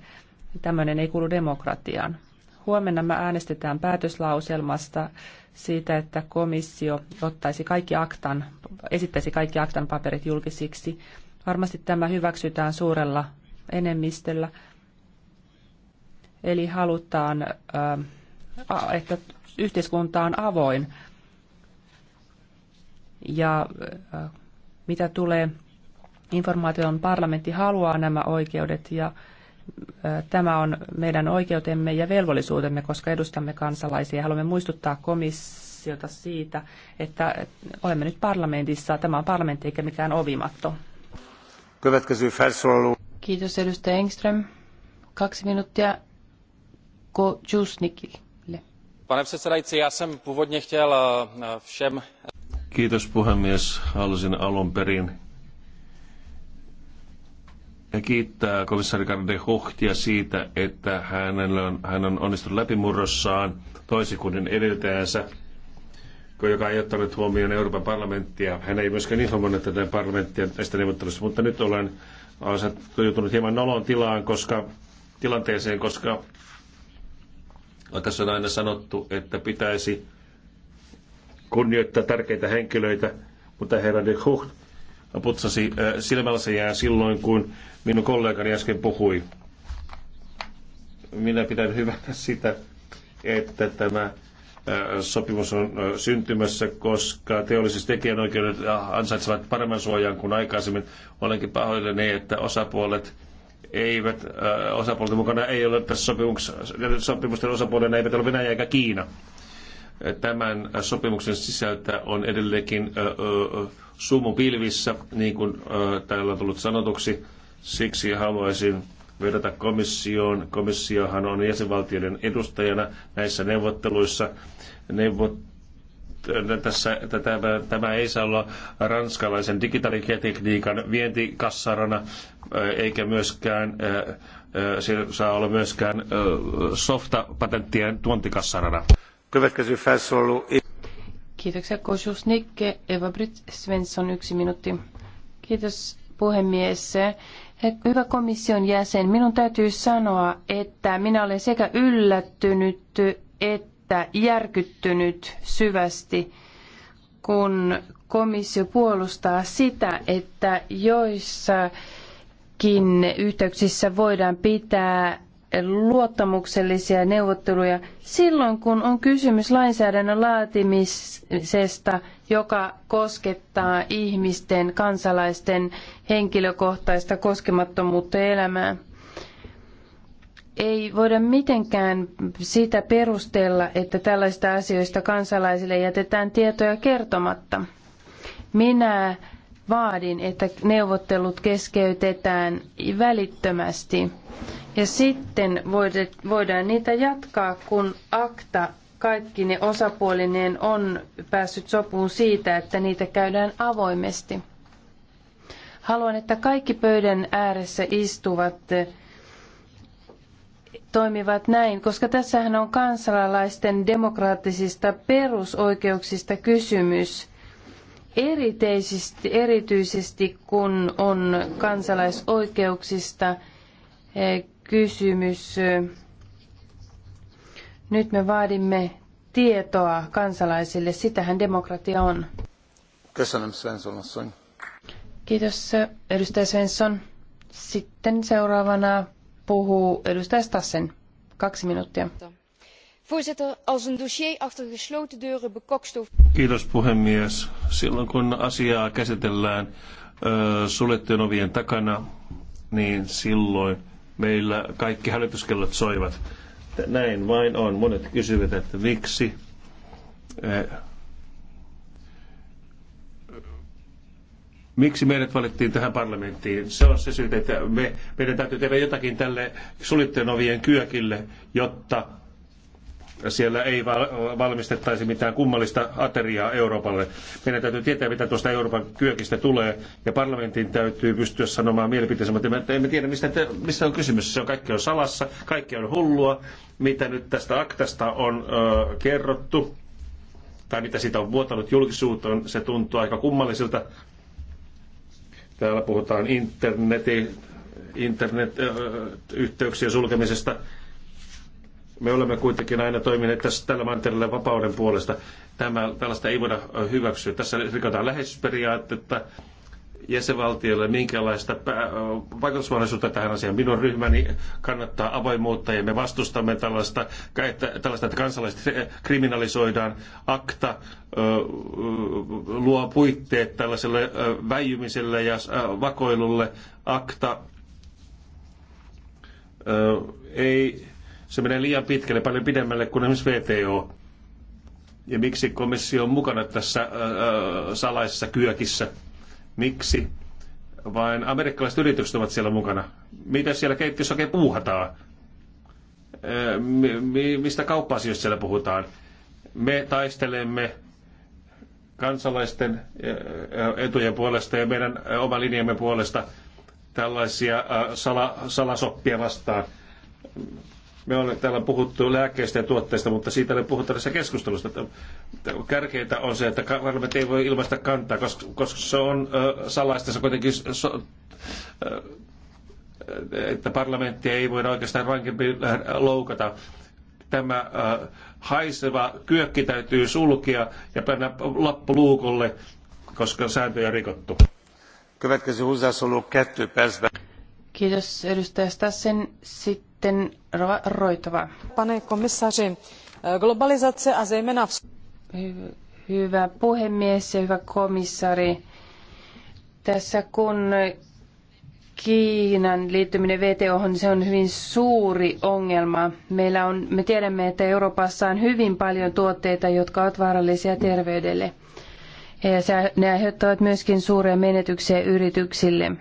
Tämmöinen ei kuulu demokratiaan. Huomenna me äänestetään päätöslauselmasta siitä, että komissio ottaisi kaikki aktan, esittäisi kaikki aktan paperit julkisiksi. Varmasti tämä hyväksytään suurella enemmistöllä. Eli halutaan, että yhteiskunta on avoin. Ja mitä tulee informaation, parlamentti haluaa nämä oikeudet ja Tämä on meidän oikeutemme ja velvollisuutemme, koska edustamme kansalaisia. Haluamme muistuttaa komissiota siitä, että olemme nyt parlamentissa. Tämä on parlamentti eikä mikään ovimatto. Kiitos edustaja Engström. Kaksi minuuttia Kojusnikille. Kiitos puhemies. Halusin alun perin ja kiittää komissaari Karde Hohtia siitä, että hänellä on, hän on onnistunut läpimurrossaan toisin kuin edeltäjänsä, joka ei ottanut huomioon Euroopan parlamenttia. Hän ei myöskään informoinut tätä parlamenttia näistä neuvotteluista, mutta nyt olen joutunut hieman nolon tilaan, koska, tilanteeseen, koska tässä on aina sanottu, että pitäisi kunnioittaa tärkeitä henkilöitä, mutta herra de Hucht putsasi silmällä jää silloin, kun minun kollegani äsken puhui. Minä pidän hyvänä sitä, että tämä sopimus on syntymässä, koska teolliset tekijänoikeudet äh, ansaitsevat paremman suojan kuin aikaisemmin. Olenkin pahoillani, että osapuolet eivät, osapuolten mukana ei ole tässä sopimusten osapuolena eivät ole Venäjä eikä Kiina tämän sopimuksen sisältä on edelleenkin sumu pilvissä, niin kuin täällä on tullut sanotuksi. Siksi haluaisin vedota komissioon. Komissiohan on jäsenvaltioiden edustajana näissä neuvotteluissa. Neuvot, tässä, tämä, tämä ei saa olla ranskalaisen digitaalitekniikan vientikassarana, eikä myöskään se saa olla myöskään softapatenttien tuontikassarana. Kiitoksia Kosus Nikke, Eva-Britt Svensson, yksi minuutti. Kiitos puhemies. Hyvä komission jäsen, minun täytyy sanoa, että minä olen sekä yllättynyt että järkyttynyt syvästi, kun komissio puolustaa sitä, että joissakin yhteyksissä voidaan pitää luottamuksellisia neuvotteluja silloin, kun on kysymys lainsäädännön laatimisesta, joka koskettaa ihmisten, kansalaisten henkilökohtaista koskemattomuutta ja elämää. Ei voida mitenkään sitä perustella, että tällaista asioista kansalaisille jätetään tietoja kertomatta. Minä vaadin, että neuvottelut keskeytetään välittömästi. Ja sitten voidaan niitä jatkaa, kun akta kaikki ne osapuolineen on päässyt sopuun siitä, että niitä käydään avoimesti. Haluan, että kaikki pöydän ääressä istuvat toimivat näin, koska tässähän on kansalaisten demokraattisista perusoikeuksista kysymys. Erityisesti, erityisesti kun on kansalaisoikeuksista eh, kysymys, nyt me vaadimme tietoa kansalaisille. Sitähän demokratia on. Kiitos edustaja Svensson. Sitten seuraavana puhuu edustaja Stassen. Kaksi minuuttia. Voorzitter, als een dossier achter gesloten deuren bekokstoofd... Kiitos puhemies. Silloin kun asiaa käsitellään ö, suljettujen ovien takana, niin silloin meillä kaikki hälytyskellot soivat. Näin vain on. Monet kysyvät, että miksi. Miksi meidät valittiin tähän parlamenttiin? Se on se syy, että me, meidän täytyy tehdä jotakin tälle suljettujen ovien kyökille, jotta siellä ei valmistettaisi mitään kummallista ateriaa Euroopalle. Meidän täytyy tietää, mitä tuosta Euroopan kyökistä tulee, ja parlamentin täytyy pystyä sanomaan mielipiteensä, mutta me emme tiedä, mistä, te, mistä on kysymys. Se on, kaikki on salassa, kaikki on hullua, mitä nyt tästä aktasta on ö, kerrottu, tai mitä siitä on vuotanut julkisuuteen, se tuntuu aika kummalliselta. Täällä puhutaan internetin internet-yhteyksien sulkemisesta me olemme kuitenkin aina toimineet tässä tällä mantereella vapauden puolesta. Tämä, tällaista ei voida hyväksyä. Tässä rikotaan läheisyysperiaatetta jäsenvaltioille minkälaista vaikutusmahdollisuutta tähän asiaan. Minun ryhmäni kannattaa avoimuutta ja me vastustamme tällaista, tällaista että kansalaiset kriminalisoidaan. Akta luo puitteet tällaiselle väijymiselle ja vakoilulle. Akta ei se menee liian pitkälle, paljon pidemmälle kuin esimerkiksi VTO. Ja miksi komissio on mukana tässä ää, salaisessa kyökissä? Miksi vain amerikkalaiset yritykset ovat siellä mukana? Mitä siellä keittiössä oikein puuhataan? Ää, mi, mistä kauppa-asioista siellä puhutaan? Me taistelemme kansalaisten etujen puolesta ja meidän oma linjamme puolesta tällaisia sala, salasoppia vastaan. Me olemme täällä puhuttu lääkkeistä ja tuotteista, mutta siitä ei puhuta tässä keskustelusta. Kärkeintä on se, että parlamentti ei voi ilmaista kantaa, koska, koska se on ö, salaista. Se kuitenkin so, ö, että parlamentti ei voida oikeastaan rankempi äh, loukata. Tämä ö, haiseva kyökki täytyy sulkia ja panna lappu luukolle, koska sääntöjä on rikottu. Kiitos edustaja Stassen. Sitten sitten Rova Roitova. Pane komissaari, globalisaatio ja zejména... Hyvä puhemies ja hyvä komissaari. Tässä kun Kiinan liittyminen VTOhon, se on hyvin suuri ongelma. Meillä on, me tiedämme, että Euroopassa on hyvin paljon tuotteita, jotka ovat vaarallisia terveydelle. Ja se, ne aiheuttavat myöskin suuria menetyksiä yrityksille.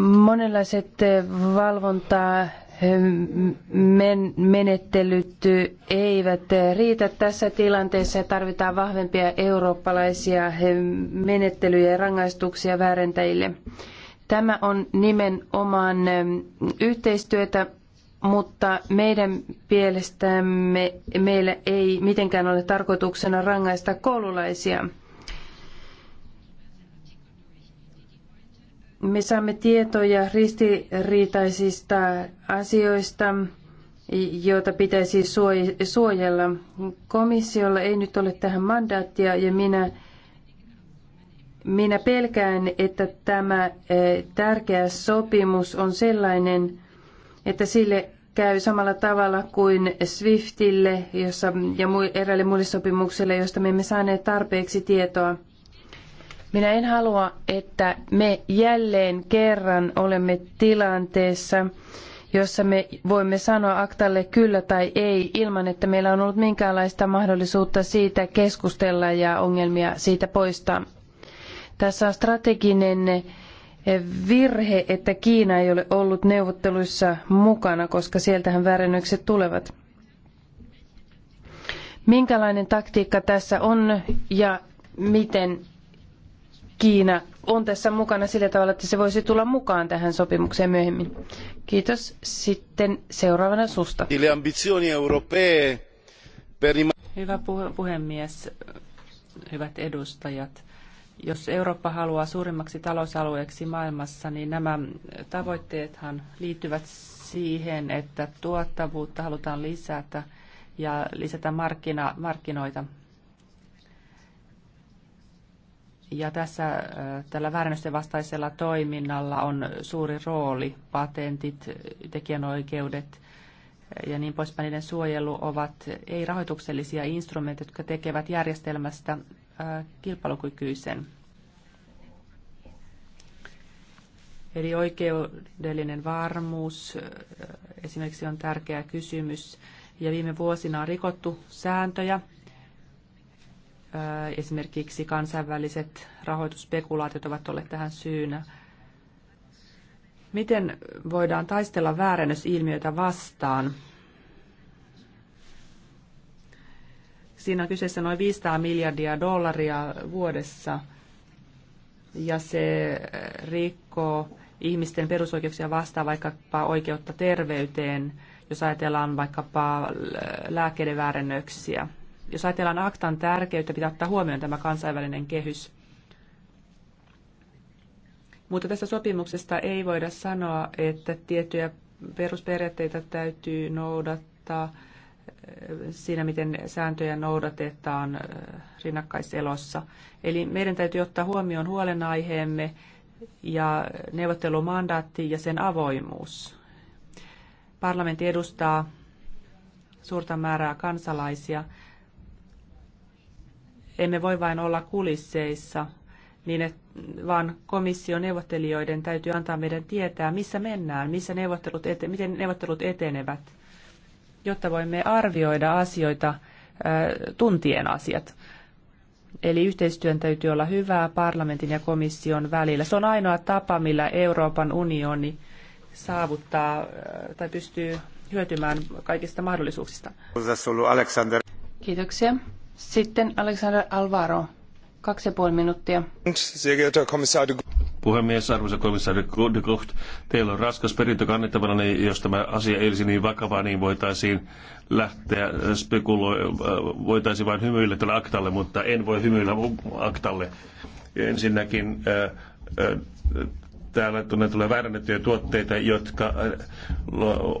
Monenlaiset eh, valvontaa eh, menettelyt eh, eivät riitä tässä tilanteessa ja tarvitaan vahvempia eurooppalaisia menettelyjä ja rangaistuksia väärentäjille. Tämä on nimenomaan yhteistyötä, mutta meidän mielestämme meillä ei mitenkään ole tarkoituksena rangaista koululaisia. Me saamme tietoja ristiriitaisista asioista, joita pitäisi suojella. Komissiolla ei nyt ole tähän mandaattia ja minä, minä pelkään, että tämä eh, tärkeä sopimus on sellainen, että sille käy samalla tavalla kuin Swiftille jossa, ja eräille muille sopimuksille, joista me emme saaneet tarpeeksi tietoa. Minä en halua, että me jälleen kerran olemme tilanteessa, jossa me voimme sanoa aktalle kyllä tai ei ilman, että meillä on ollut minkäänlaista mahdollisuutta siitä keskustella ja ongelmia siitä poistaa. Tässä on strateginen virhe, että Kiina ei ole ollut neuvotteluissa mukana, koska sieltähän väärennökset tulevat. Minkälainen taktiikka tässä on ja miten Kiina on tässä mukana sillä tavalla, että se voisi tulla mukaan tähän sopimukseen myöhemmin. Kiitos. Sitten seuraavana susta. Hyvä puhemies, hyvät edustajat. Jos Eurooppa haluaa suurimmaksi talousalueeksi maailmassa, niin nämä tavoitteethan liittyvät siihen, että tuottavuutta halutaan lisätä ja lisätä markkina, markkinoita Ja tässä tällä väärännösten vastaisella toiminnalla on suuri rooli. Patentit, tekijänoikeudet ja niin poispäin niiden suojelu ovat ei-rahoituksellisia instrumentteja, jotka tekevät järjestelmästä kilpailukykyisen. Eli oikeudellinen varmuus esimerkiksi on tärkeä kysymys. Ja viime vuosina on rikottu sääntöjä Äh, esimerkiksi kansainväliset rahoitusspekulaatiot ovat olleet tähän syynä. Miten voidaan taistella väärennösilmiöitä vastaan? Siinä on kyseessä noin 500 miljardia dollaria vuodessa ja se rikkoo ihmisten perusoikeuksia vastaan vaikkapa oikeutta terveyteen, jos ajatellaan vaikkapa lääkkeiden väärennöksiä. Jos ajatellaan aktan tärkeyttä, pitää ottaa huomioon tämä kansainvälinen kehys. Mutta tässä sopimuksesta ei voida sanoa, että tiettyjä perusperiaatteita täytyy noudattaa siinä, miten sääntöjä noudatetaan äh, rinnakkaiselossa. Eli meidän täytyy ottaa huomioon huolenaiheemme ja neuvottelumandaatti ja sen avoimuus. Parlamentti edustaa suurta määrää kansalaisia emme voi vain olla kulisseissa, niin et, vaan komission neuvottelijoiden täytyy antaa meidän tietää, missä mennään, missä neuvottelut ete, miten neuvottelut etenevät, jotta voimme arvioida asioita tuntien asiat. Eli yhteistyön täytyy olla hyvää parlamentin ja komission välillä. Se on ainoa tapa, millä Euroopan unioni saavuttaa tai pystyy hyötymään kaikista mahdollisuuksista. Kiitoksia. Sitten Alexander Alvaro, kaksi ja puoli minuuttia. Puhemies, arvoisa komissaari Grundekoht, teillä on raskas perintö kannettavana, niin jos tämä asia ei olisi niin vakava, niin voitaisiin lähteä spekuloimaan, äh, voitaisiin vain hymyillä tälle aktalle, mutta en voi hymyillä aktalle. Ensinnäkin äh, äh, täällä tulee, tulee väärännettyjä tuotteita, jotka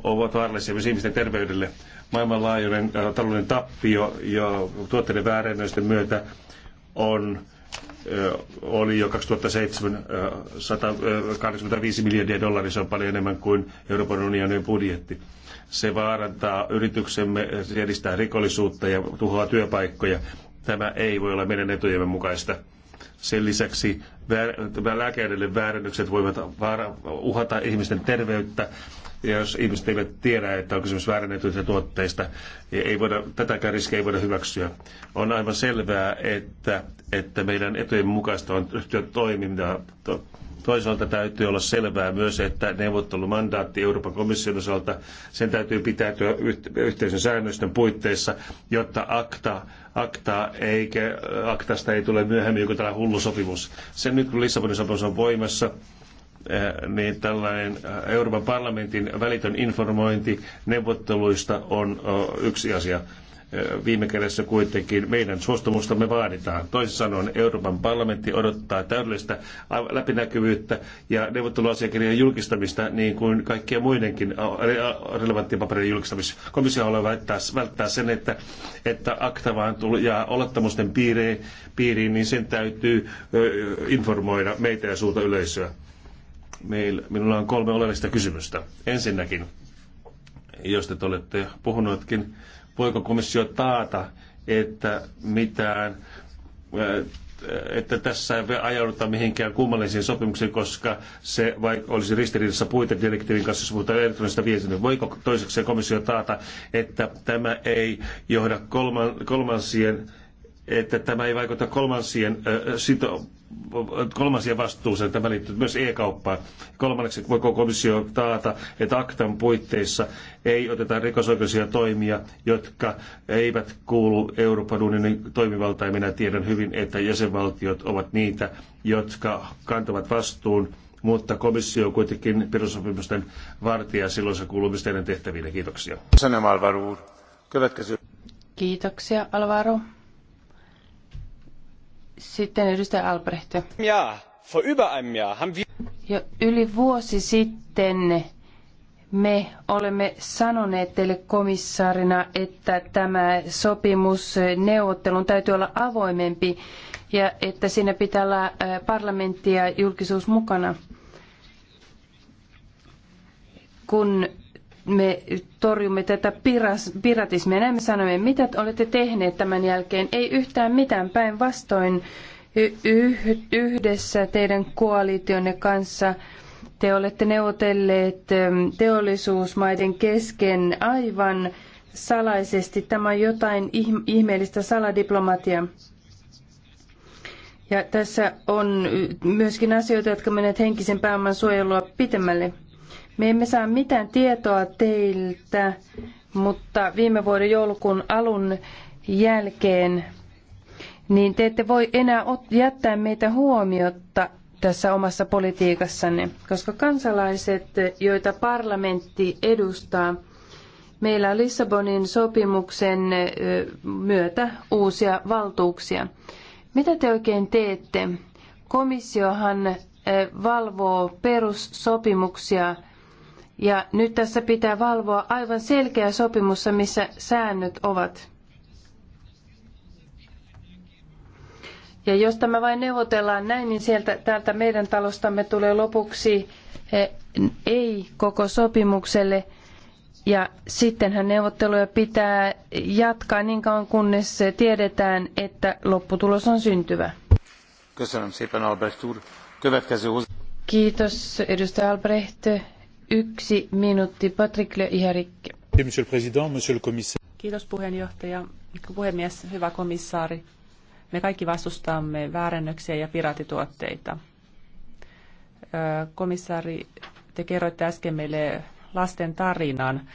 ovat vaarallisia myös ihmisten terveydelle. Maailmanlaajuinen äh, taloudellinen tappio ja tuotteiden väärennöisten myötä on äh, oli jo 2007 185 äh, miljardia dollaria, se on paljon enemmän kuin Euroopan unionin budjetti. Se vaarantaa yrityksemme, se edistää rikollisuutta ja tuhoaa työpaikkoja. Tämä ei voi olla meidän etujemme mukaista. Sen lisäksi väär, väärennykset voivat uhata ihmisten terveyttä ja jos ihmiset eivät tiedä, että on kysymys väärennetyistä tuotteista, niin ei voida, tätäkään riskiä ei voida hyväksyä. On aivan selvää, että, että meidän etujen mukaista on ryhtyä toimintaa. Toisaalta täytyy olla selvää myös, että neuvottelumandaatti Euroopan komission osalta, sen täytyy pitäytyä yhteisön säännöstön puitteissa, jotta akta, akta eikä, aktasta ei tule myöhemmin joku tällainen hullu sopimus. Sen nyt kun Lissabonin sopimus on voimassa, Eh, niin tällainen eh, Euroopan parlamentin välitön informointi neuvotteluista on eh, yksi asia. Viime kädessä kuitenkin meidän suostumustamme vaaditaan. Toisin sanoen Euroopan parlamentti odottaa täydellistä läpinäkyvyyttä ja neuvotteluasiakirjan julkistamista niin kuin kaikkia muidenkin relevanttien paperien julkistamista. Komissio haluaa välttää, välttää sen, että, että akta vaan jää olettamusten piiriin, piiriin, niin sen täytyy informoida meitä ja suurta yleisöä Meil, minulla on kolme oleellista kysymystä. Ensinnäkin, jos te olette puhunutkin, voiko komissio taata, että mitään äh, että tässä ei ajauduta mihinkään kummallisiin sopimuksiin, koska se vaikka olisi ristiriidassa puitedirektiivin kanssa, jos puhutaan elektronista viestinnästä. Voiko toiseksi komissio taata, että tämä ei johda kolman, kolmansien että tämä ei vaikuta kolmansien, äh, sito, kolmansien vastuuseen. Tämä liittyy myös e-kauppaan. Kolmanneksi voiko komissio taata, että aktan puitteissa ei oteta rikosoikeusia toimia, jotka eivät kuulu Euroopan unionin toimivaltaan. Minä tiedän hyvin, että jäsenvaltiot ovat niitä, jotka kantavat vastuun mutta komissio on kuitenkin perussopimusten vartija silloin se kuuluu myös teidän tehtäviin. Kiitoksia. Kiitoksia, Alvaro. Sitten edustaja Albrecht. Ja, vor über einem Jahr haben wir... Jo yli vuosi sitten me olemme sanoneet teille komissaarina, että tämä sopimusneuvottelun täytyy olla avoimempi ja että siinä pitää olla parlamentti ja julkisuus mukana. Kun me torjumme tätä piratismia. Näin me sanomme, mitä olette tehneet tämän jälkeen. Ei yhtään mitään päinvastoin yhdessä teidän koalitionne kanssa te olette neuvotelleet ähm, teollisuusmaiden kesken aivan salaisesti. Tämä on jotain ihmeellistä saladiplomatiaa. Ja tässä on myöskin asioita, jotka menevät henkisen pääoman suojelua pitemmälle. Me emme saa mitään tietoa teiltä, mutta viime vuoden joulukuun alun jälkeen, niin te ette voi enää jättää meitä huomiotta tässä omassa politiikassanne, koska kansalaiset, joita parlamentti edustaa, meillä on Lissabonin sopimuksen myötä uusia valtuuksia. Mitä te oikein teette? Komissiohan valvoo perussopimuksia ja nyt tässä pitää valvoa aivan selkeä sopimus, missä säännöt ovat. Ja jos tämä vain neuvotellaan näin, niin sieltä, täältä meidän talostamme tulee lopuksi eh, ei koko sopimukselle. Ja sittenhän neuvotteluja pitää jatkaa niin kauan, kunnes tiedetään, että lopputulos on syntyvä. Kiitos, edustaja Albrecht. Yksi minuutti, Patrick Le Monsieur le Président, Monsieur le Commissaire. Kiitos puheenjohtaja, puhemies, hyvä komissaari. Me kaikki vastustamme väärennöksiä ja piraatituotteita. Komissaari, te kerroitte äsken meille lasten tarinan,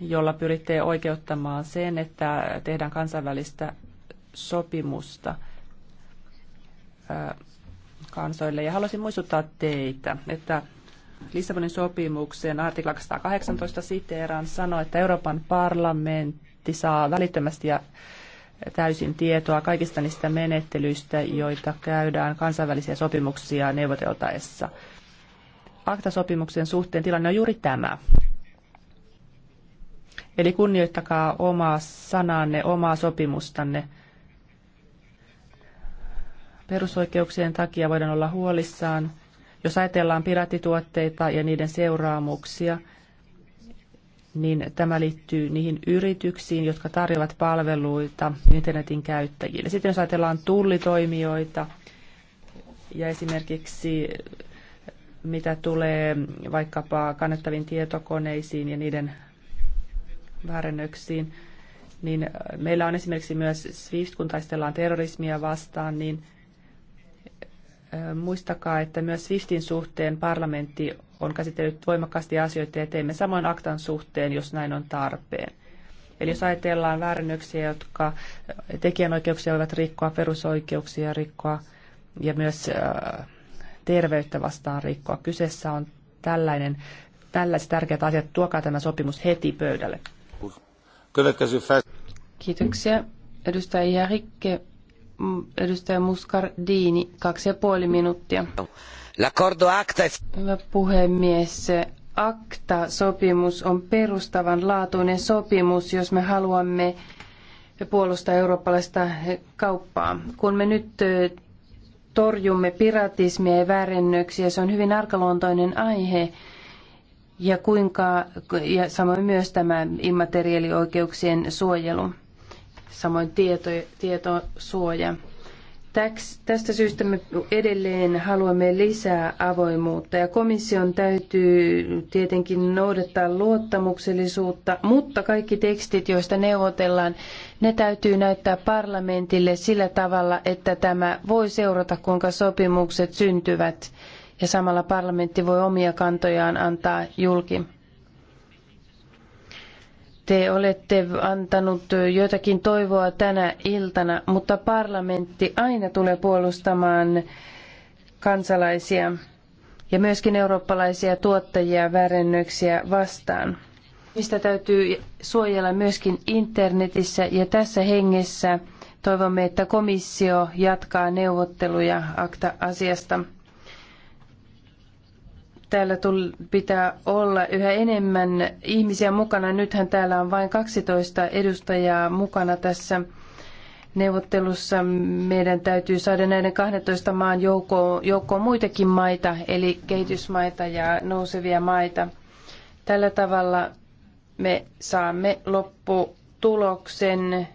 jolla pyritte oikeuttamaan sen, että tehdään kansainvälistä sopimusta kansoille. Ja haluaisin muistuttaa teitä, että Lissabonin sopimuksen artikla 218 siteeraan sanoo, että Euroopan parlamentti saa välittömästi ja täysin tietoa kaikista niistä menettelyistä, joita käydään kansainvälisiä sopimuksia neuvoteltaessa. Akta-sopimuksen suhteen tilanne on juuri tämä. Eli kunnioittakaa omaa sananne, omaa sopimustanne. Perusoikeuksien takia voidaan olla huolissaan jos ajatellaan piratituotteita ja niiden seuraamuksia, niin tämä liittyy niihin yrityksiin, jotka tarjoavat palveluita internetin käyttäjille. Sitten jos ajatellaan tullitoimijoita ja esimerkiksi mitä tulee vaikkapa kannettaviin tietokoneisiin ja niiden väärennöksiin, niin meillä on esimerkiksi myös SWIFT, kun taistellaan terrorismia vastaan, niin – Muistakaa, että myös Swiftin suhteen parlamentti on käsitellyt voimakkaasti asioita ja teemme samoin aktan suhteen, jos näin on tarpeen. Eli jos ajatellaan väärännyksiä, jotka tekijänoikeuksia voivat rikkoa, perusoikeuksia rikkoa ja myös terveyttä vastaan rikkoa. Kyseessä on tällainen, tällaiset tärkeät asiat. Tuokaa tämä sopimus heti pöydälle. Kiitoksia. Edustaja Järikke Edustaja Muscardini, kaksi ja puoli minuuttia. L'accordo acta... Hyvä puhemies. ACTA-sopimus on perustavanlaatuinen sopimus, jos me haluamme puolustaa eurooppalaista kauppaa. Kun me nyt torjumme piratismia ja väärennöksiä, se on hyvin arkaluontoinen aihe, ja kuinka, ja samoin myös tämä immateriaalioikeuksien suojelu samoin tieto, tietosuoja. Tästä syystä me edelleen haluamme lisää avoimuutta ja komission täytyy tietenkin noudattaa luottamuksellisuutta, mutta kaikki tekstit, joista neuvotellaan, ne täytyy näyttää parlamentille sillä tavalla, että tämä voi seurata, kuinka sopimukset syntyvät ja samalla parlamentti voi omia kantojaan antaa julki. Te olette antanut joitakin toivoa tänä iltana, mutta parlamentti aina tulee puolustamaan kansalaisia ja myöskin eurooppalaisia tuottajia väärennöksiä vastaan. Mistä täytyy suojella myöskin internetissä ja tässä hengessä toivomme, että komissio jatkaa neuvotteluja akta-asiasta täällä pitää olla yhä enemmän ihmisiä mukana. Nythän täällä on vain 12 edustajaa mukana tässä neuvottelussa. Meidän täytyy saada näiden 12 maan joukkoon, joukkoon muitakin maita, eli kehitysmaita ja nousevia maita. Tällä tavalla me saamme lopputuloksen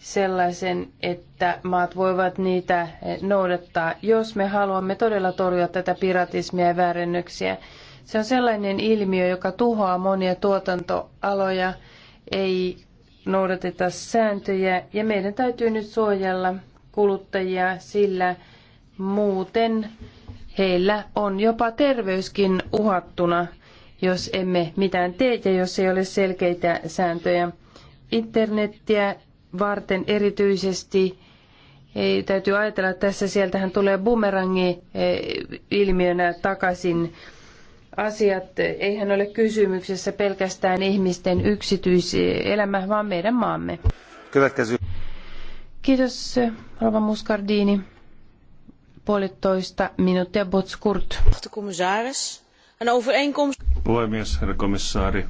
sellaisen, että maat voivat niitä noudattaa, jos me haluamme todella torjua tätä piratismia ja väärennöksiä. Se on sellainen ilmiö, joka tuhoaa monia tuotantoaloja, ei noudateta sääntöjä ja meidän täytyy nyt suojella kuluttajia, sillä muuten heillä on jopa terveyskin uhattuna, jos emme mitään tee ja jos ei ole selkeitä sääntöjä. Internettiä varten erityisesti ei, täytyy ajatella, että tässä sieltähän tulee bumerangi e, ilmiönä takaisin asiat. E, eihän ole kysymyksessä pelkästään ihmisten yksityiselämä, vaan meidän maamme. Kiitos, Rova Muscardini. Puolitoista minuuttia, Botskurt. Puhemies, herra komissaari,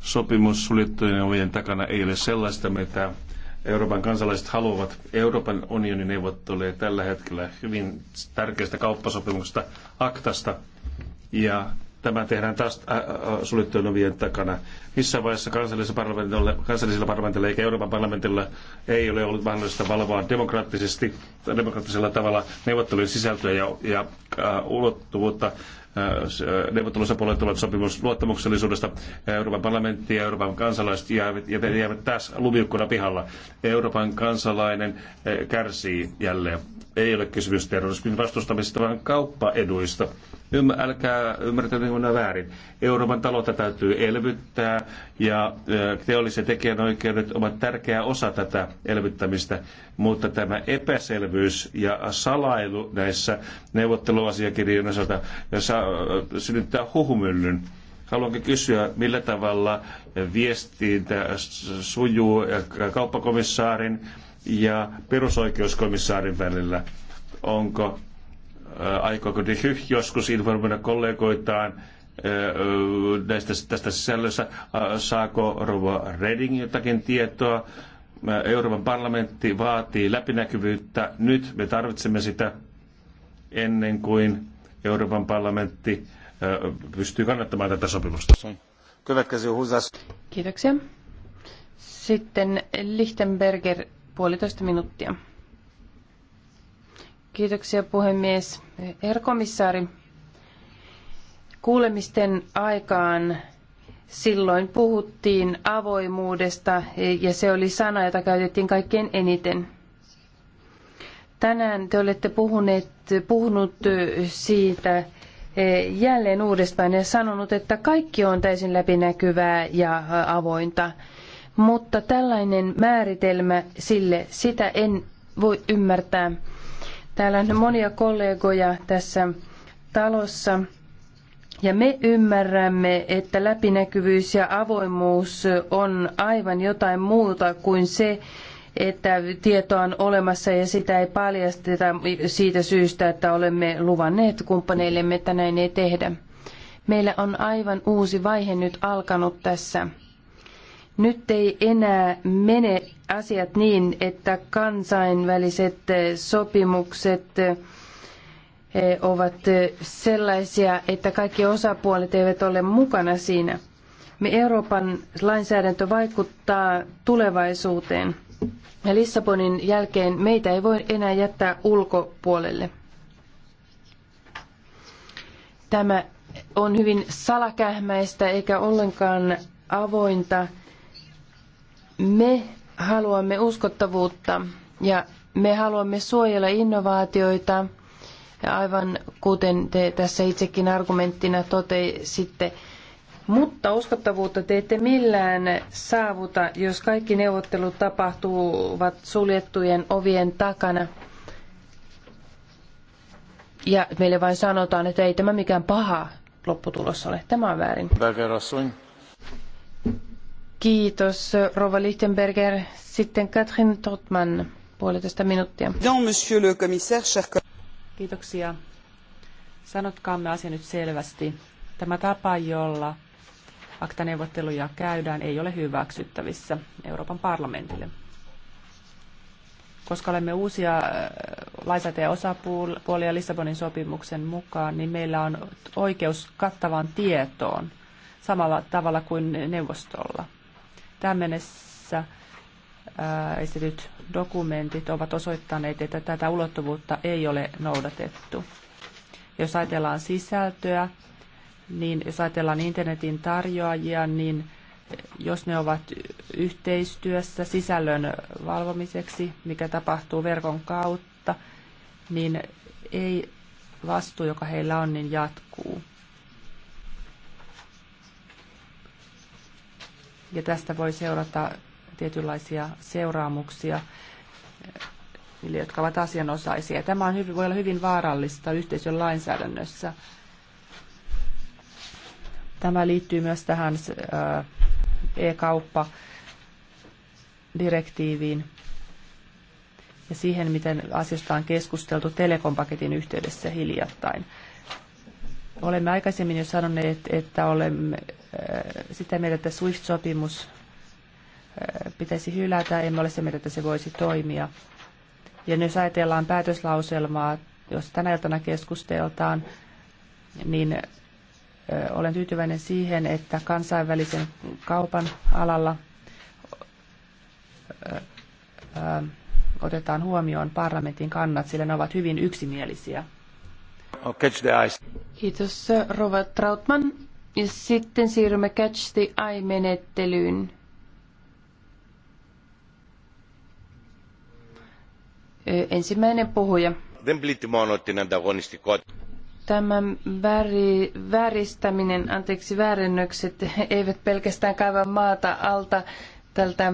sopimus suljettujen ovien takana ei ole sellaista, mitä Euroopan kansalaiset haluavat. Euroopan unioni neuvottelee tällä hetkellä hyvin tärkeästä kauppasopimuksesta aktasta ja tämä tehdään taas äh, äh, suljettujen ovien takana. Missä vaiheessa kansallisilla parlamentilla, kansallisella parlamentilla eikä Euroopan parlamentilla ei ole ollut mahdollista valvoa demokraattisesti, demokraattisella tavalla neuvottelujen sisältöä ja, ja äh, ulottuvuutta. Äh, neuvottelusapuolet tulevat sopimus luottamuksellisuudesta. Euroopan parlamentti ja Euroopan kansalaiset jäävät, jäävät tässä lumiukkona pihalla. Euroopan kansalainen äh, kärsii jälleen. Ei ole kysymys terrorismin vastustamisesta, vaan kauppaeduista. Ymmär, älkää ymmärtäkö minua väärin. Euroopan taloutta täytyy elvyttää ja teolliset tekijänoikeudet ovat tärkeä osa tätä elvyttämistä, mutta tämä epäselvyys ja salailu näissä neuvotteluasiakirjojen osalta synnyttää huhumyllyn. Haluankin kysyä, millä tavalla viestintä sujuu kauppakomissaarin ja perusoikeuskomissaarin välillä. Onko aikooko de Hyh joskus informoida kollegoitaan näistä, tästä sisällössä, saako Rova Reding jotakin tietoa. Euroopan parlamentti vaatii läpinäkyvyyttä. Nyt me tarvitsemme sitä ennen kuin Euroopan parlamentti pystyy kannattamaan tätä sopimusta. Kiitoksia. Sitten Lichtenberger puolitoista minuuttia. Kiitoksia puhemies. Herra kuulemisten aikaan silloin puhuttiin avoimuudesta ja se oli sana, jota käytettiin kaikkein eniten. Tänään te olette puhuneet, puhunut siitä e, jälleen uudestaan ja sanonut, että kaikki on täysin läpinäkyvää ja avointa. Mutta tällainen määritelmä sille, sitä en voi ymmärtää. Täällä on monia kollegoja tässä talossa. Ja me ymmärrämme, että läpinäkyvyys ja avoimuus on aivan jotain muuta kuin se, että tietoa on olemassa ja sitä ei paljasteta siitä syystä, että olemme luvanneet kumppaneillemme, että näin ei tehdä. Meillä on aivan uusi vaihe nyt alkanut tässä. Nyt ei enää mene asiat niin, että kansainväliset eh, sopimukset eh, ovat eh, sellaisia, että kaikki osapuolet eivät ole mukana siinä. Me Euroopan lainsäädäntö vaikuttaa tulevaisuuteen. Ja Lissabonin jälkeen meitä ei voi enää jättää ulkopuolelle. Tämä on hyvin salakähmäistä eikä ollenkaan avointa me haluamme uskottavuutta ja me haluamme suojella innovaatioita, ja aivan kuten te tässä itsekin argumenttina totesitte. Mutta uskottavuutta te ette millään saavuta, jos kaikki neuvottelut tapahtuvat suljettujen ovien takana. Ja meille vain sanotaan, että ei tämä mikään paha lopputulos ole. Tämä on väärin. Kiitos Rova Lichtenberger. Sitten Katrin Totman, puolitoista minuuttia. monsieur le commissaire, cher... Kiitoksia. Sanotkaamme asia nyt selvästi. Tämä tapa, jolla aktaneuvotteluja käydään, ei ole hyväksyttävissä Euroopan parlamentille. Koska olemme uusia äh, lainsäätäjä osapuolia Lissabonin sopimuksen mukaan, niin meillä on oikeus kattavaan tietoon samalla tavalla kuin neuvostolla – Tähän mennessä esityt dokumentit ovat osoittaneet, että tätä ulottuvuutta ei ole noudatettu. Jos ajatellaan sisältöä, niin jos ajatellaan internetin tarjoajia, niin jos ne ovat yhteistyössä sisällön valvomiseksi, mikä tapahtuu verkon kautta, niin ei vastuu, joka heillä on, niin jatkuu. ja tästä voi seurata tietynlaisia seuraamuksia niille, eh, jotka ovat asianosaisia. Tämä on hyvin, voi olla hyvin vaarallista yhteisön lainsäädännössä. Tämä liittyy myös tähän e eh, kauppadirektiiviin direktiiviin ja siihen, miten asiasta on keskusteltu telekompaketin yhteydessä hiljattain. Olemme aikaisemmin jo sanoneet, että olemme sitä mieltä, että SWIFT-sopimus pitäisi hylätä, emme ole sitä mieltä, että se voisi toimia. Ja jos ajatellaan päätöslauselmaa, jos tänä iltana keskusteltaan, niin olen tyytyväinen siihen, että kansainvälisen kaupan alalla otetaan huomioon parlamentin kannat, sillä ne ovat hyvin yksimielisiä. Kiitos, Robert Trautman. Ja sitten siirrymme Catch the Eye-menettelyyn. Ensimmäinen puhuja. Tämä väri, väristäminen, anteeksi väärennökset, eivät pelkästään kaiva maata alta tältä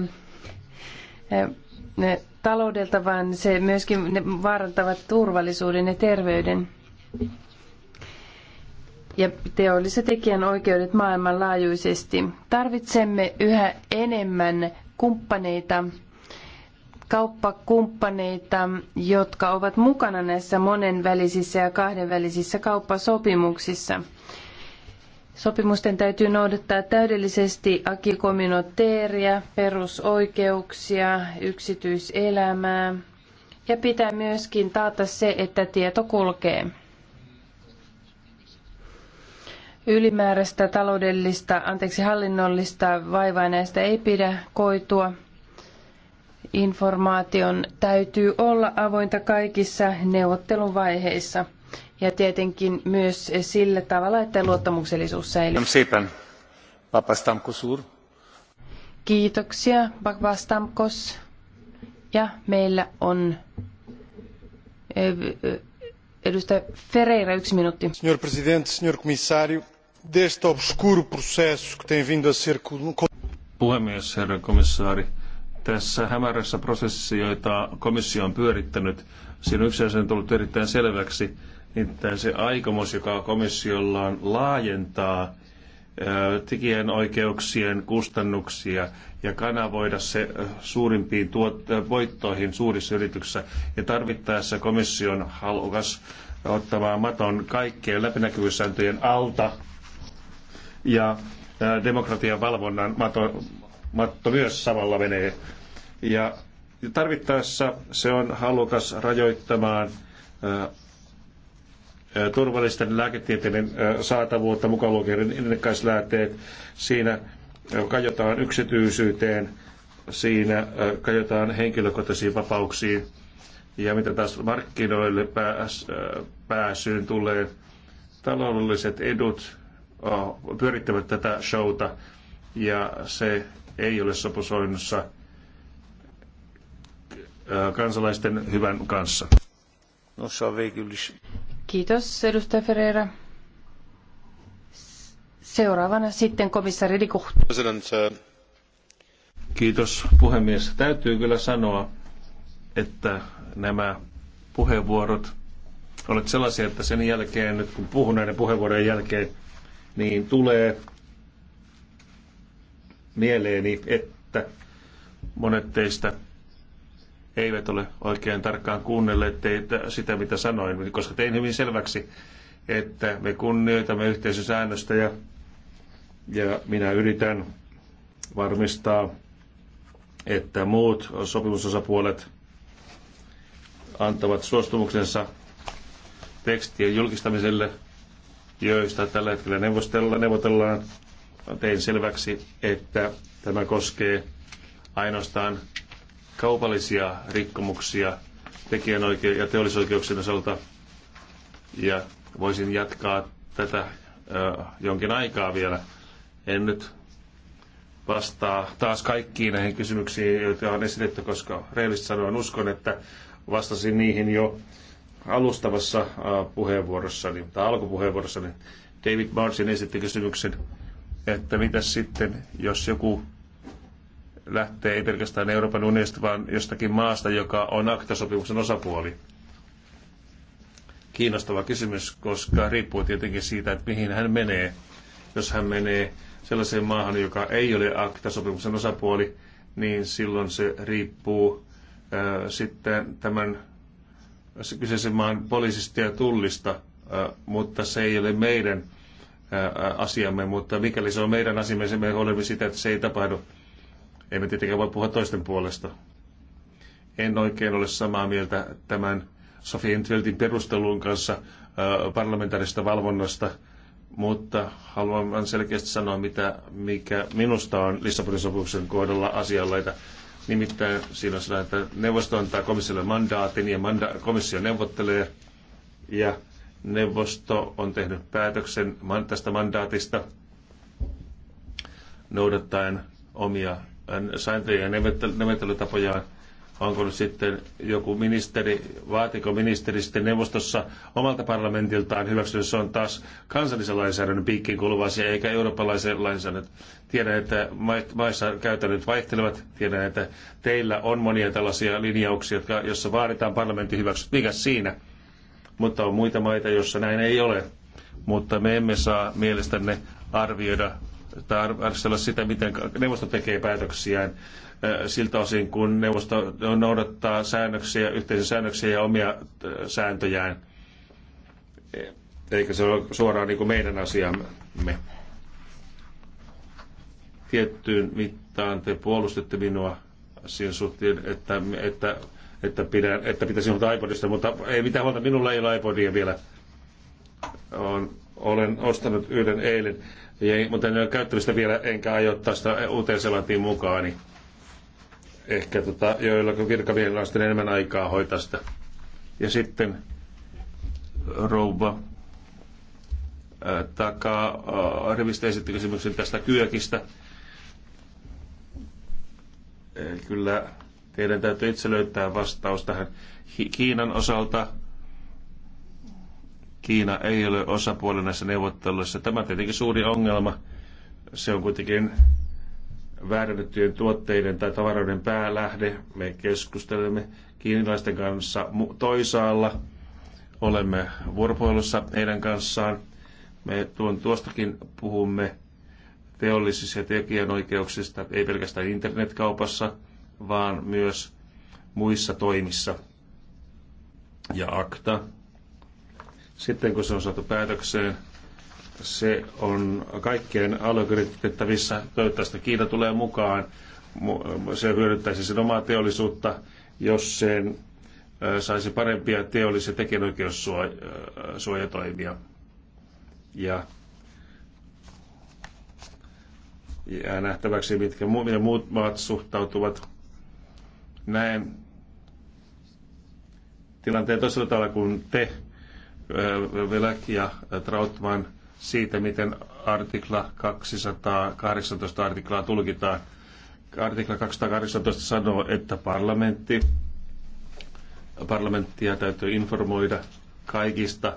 taloudelta, vaan se myöskin ne vaarantavat turvallisuuden ja terveyden ja teolliset tekijänoikeudet maailmanlaajuisesti. Tarvitsemme yhä enemmän kumppaneita, kauppakumppaneita, jotka ovat mukana näissä monenvälisissä ja kahdenvälisissä kauppasopimuksissa. Sopimusten täytyy noudattaa täydellisesti akikominoteeria, perusoikeuksia, yksityiselämää ja pitää myöskin taata se, että tieto kulkee. Ylimääräistä taloudellista, anteeksi hallinnollista vaivaa näistä ei pidä koitua. Informaation täytyy olla avointa kaikissa neuvotteluvaiheissa ja tietenkin myös sillä tavalla, että luottamuksellisuus säilyy. Kiitoksia, Papastamkos. Ja meillä on eh, eh, edustaja Ferreira, yksi minuutti. Signor Presidente, signor Commissario, deste obscuro processo que tem vindo a ser... Puhemies, herra komissaari, tässä hämärässä prosessissa, joita komissio on pyörittänyt, siinä yksi asia on tullut erittäin selväksi, että se aikomus, joka komissiolla on laajentaa tekijänoikeuksien kustannuksia ja kanavoida se suurimpiin tuot- voittoihin suurissa yrityksissä ja tarvittaessa komission halukas ottamaan maton kaikkien läpinäkyvyyssääntöjen alta ja demokratian valvonnan matto, matto myös samalla menee. Ja tarvittaessa se on halukas rajoittamaan turvallisten lääketieteiden saatavuutta, mukaan lukien rinnakkaisläätteet. Siinä kajotaan yksityisyyteen, siinä kajotaan henkilökohtaisiin vapauksiin ja mitä taas markkinoille pääs, pääsyyn tulee, taloudelliset edut pyörittävät tätä showta ja se ei ole sopusoinnussa kansalaisten hyvän kanssa. No, Kiitos, edustaja Ferreira. Seuraavana sitten komissaari Dikuht. Kiitos puhemies. Täytyy kyllä sanoa, että nämä puheenvuorot ovat sellaisia, että sen jälkeen, nyt kun puhun näiden puheenvuorojen jälkeen, niin tulee mieleeni, että monet teistä eivät ole oikein tarkkaan kuunnelleet teitä sitä, mitä sanoin, koska tein hyvin selväksi, että me kunnioitamme yhteisösäännöstä ja, ja minä yritän varmistaa, että muut sopimusosapuolet antavat suostumuksensa tekstien julkistamiselle – joista tällä hetkellä neuvostellaan, neuvotellaan. Tein selväksi, että tämä koskee ainoastaan kaupallisia rikkomuksia tekijänoikeuksien ja teollisoikeuksien osalta. Ja voisin jatkaa tätä ö, jonkin aikaa vielä. En nyt vastaa taas kaikkiin näihin kysymyksiin, joita on esitetty, koska reilisti sanoen uskon, että vastasin niihin jo alustavassa äh, puheenvuorossani tai alkupuheenvuorossani David Martin esitti kysymyksen, että mitä sitten, jos joku lähtee ei pelkästään Euroopan unionista, vaan jostakin maasta, joka on aktasopimuksen osapuoli. Kiinnostava kysymys, koska riippuu tietenkin siitä, että mihin hän menee. Jos hän menee sellaiseen maahan, joka ei ole aktasopimuksen osapuoli, niin silloin se riippuu äh, sitten tämän kyseisen maan poliisista ja tullista, mutta se ei ole meidän asiamme, mutta mikäli se on meidän asiamme, se me olemme sitä, että se ei tapahdu. Emme tietenkään voi puhua toisten puolesta. En oikein ole samaa mieltä tämän Sofia Entveltin perustelun kanssa parlamentaarista valvonnasta, mutta haluan selkeästi sanoa, mitä, mikä minusta on Lissabonin sopimuksen kohdalla asianlaita. Nimittäin siinä sanotaan, että neuvosto antaa komissiolle mandaatin ja manda- komissio neuvottelee ja neuvosto on tehnyt päätöksen tästä mandaatista noudattaen omia sääntöjä ja menettelytapojaan. Onko nyt sitten joku ministeri, vaatiko ministeri sitten neuvostossa omalta parlamentiltaan hyväksyä, se on taas kansallisen lainsäädännön piikkiin kuuluva asia, eikä eurooppalaisen lainsäädännön. Tiedän, että maissa käytännöt vaihtelevat. Tiedän, että teillä on monia tällaisia linjauksia, jotka, jossa vaaditaan parlamentin hyväksyt. Mikä siinä? Mutta on muita maita, joissa näin ei ole. Mutta me emme saa mielestänne arvioida tai arvostella sitä, miten neuvosto tekee päätöksiään siltä osin, kun neuvosto noudattaa säännöksiä, yhteisen säännöksiä ja omia sääntöjään. Eikä se ole suoraan niin kuin meidän asiamme. Tiettyyn mittaan te puolustitte minua siinä suhteen, että, että, että, pidän, että pitäisi huolta iPodista, mutta ei mitään huolta, minulla ei ole iPodia vielä. On, olen ostanut yhden eilen, mutta en ole käyttänyt sitä vielä, enkä aio ottaa sitä uuteen selantiin mukaan. Niin ehkä tota, joilla virkamiehillä on enemmän aikaa hoitaa sitä. Ja sitten rouva takaa rivistä esitti kysymyksen tästä kyökistä. Eli kyllä teidän täytyy itse löytää vastaus tähän Kiinan osalta. Kiina ei ole osapuoli näissä neuvotteluissa. Tämä on tietenkin suuri ongelma. Se on kuitenkin väärennettyjen tuotteiden tai tavaroiden päälähde. Me keskustelemme kiinalaisten kanssa toisaalla. Olemme vuoropuhelussa heidän kanssaan. Me tuon tuostakin puhumme teollisissa ja tekijänoikeuksista, ei pelkästään internetkaupassa, vaan myös muissa toimissa. Ja akta. Sitten kun se on saatu päätökseen, se on kaikkien allekirjoitettavissa. Toivottavasti Kiina tulee mukaan. Se hyödyttäisi sen omaa teollisuutta, jos sen saisi parempia teollisia tekijänoikeussuojatoimia. Ja, ja nähtäväksi, mitkä muut maat suhtautuvat. näin tilanteen toisella tavalla kuin te, Velak ja Trautman – siitä, miten artikla 218 artiklaa tulkitaan. Artikla 218 sanoo, että parlamentti, parlamenttia täytyy informoida kaikista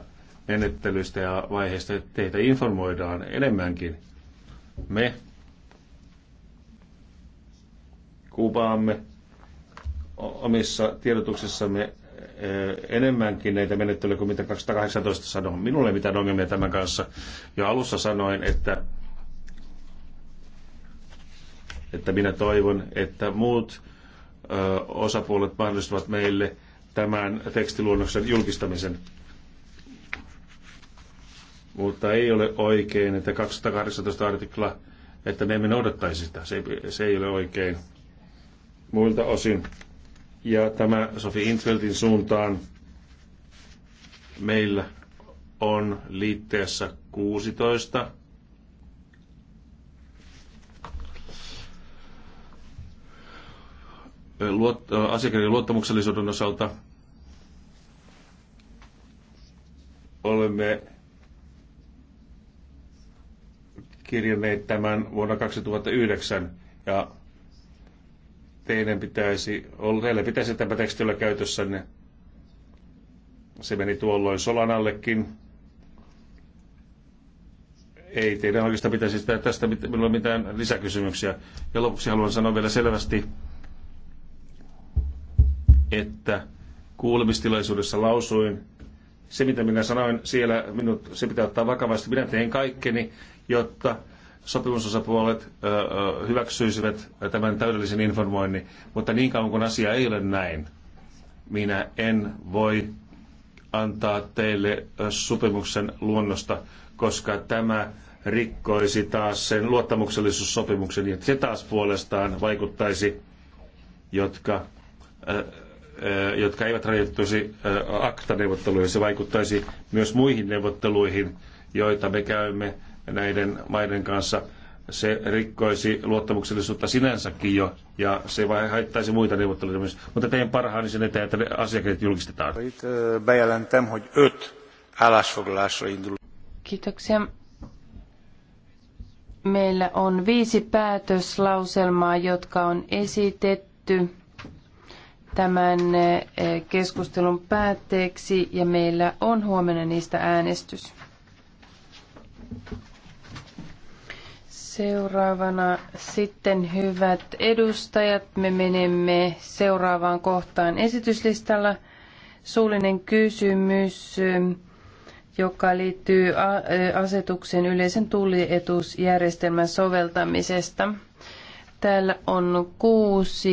menettelyistä ja vaiheista, että teitä informoidaan enemmänkin. Me kuvaamme omissa tiedotuksissamme enemmänkin näitä menettelyjä kuin mitä 2018 sanoin. Minulle ei mitään ongelmia tämän kanssa. Jo alussa sanoin, että, että minä toivon, että muut osapuolet mahdollistavat meille tämän tekstiluonnoksen julkistamisen. Mutta ei ole oikein, että 218 artikla, että me emme noudattaisi sitä. Se, se ei ole oikein muilta osin ja tämä Sofi Intveltin suuntaan meillä on liitteessä 16 luot, asiakirjan luottamuksellisuuden osalta olemme kirjanneet tämän vuonna 2009 ja teidän pitäisi, teille pitäisi tämä teksti olla käytössänne. Se meni tuolloin Solanallekin. Ei teidän oikeastaan pitäisi sitä, tästä minulla mitään lisäkysymyksiä. Ja lopuksi haluan sanoa vielä selvästi, että kuulemistilaisuudessa lausuin, se mitä minä sanoin siellä, minut, se pitää ottaa vakavasti. Minä teen kaikkeni, jotta sopimusosapuolet hyväksyisivät tämän täydellisen informoinnin, mutta niin kauan kuin asia ei ole näin, minä en voi antaa teille sopimuksen luonnosta, koska tämä rikkoisi taas sen luottamuksellisuussopimuksen, ja se taas puolestaan vaikuttaisi, jotka, ö, jotka eivät rajoittuisi akta-neuvotteluihin. Se vaikuttaisi myös muihin neuvotteluihin, joita me käymme näiden maiden kanssa, se rikkoisi luottamuksellisuutta sinänsäkin jo, ja se vai haittaisi muita neuvotteluita myös. Mutta tein parhaani sen eteen, että ne asiakirjat julkistetaan. Kiitoksia. Meillä on viisi päätöslauselmaa, jotka on esitetty tämän keskustelun päätteeksi, ja meillä on huomenna niistä äänestys. Seuraavana sitten hyvät edustajat, me menemme seuraavaan kohtaan esityslistalla. Suullinen kysymys, ähm, joka liittyy äh, asetuksen yleisen tullietuusjärjestelmän soveltamisesta. Täällä on kuusi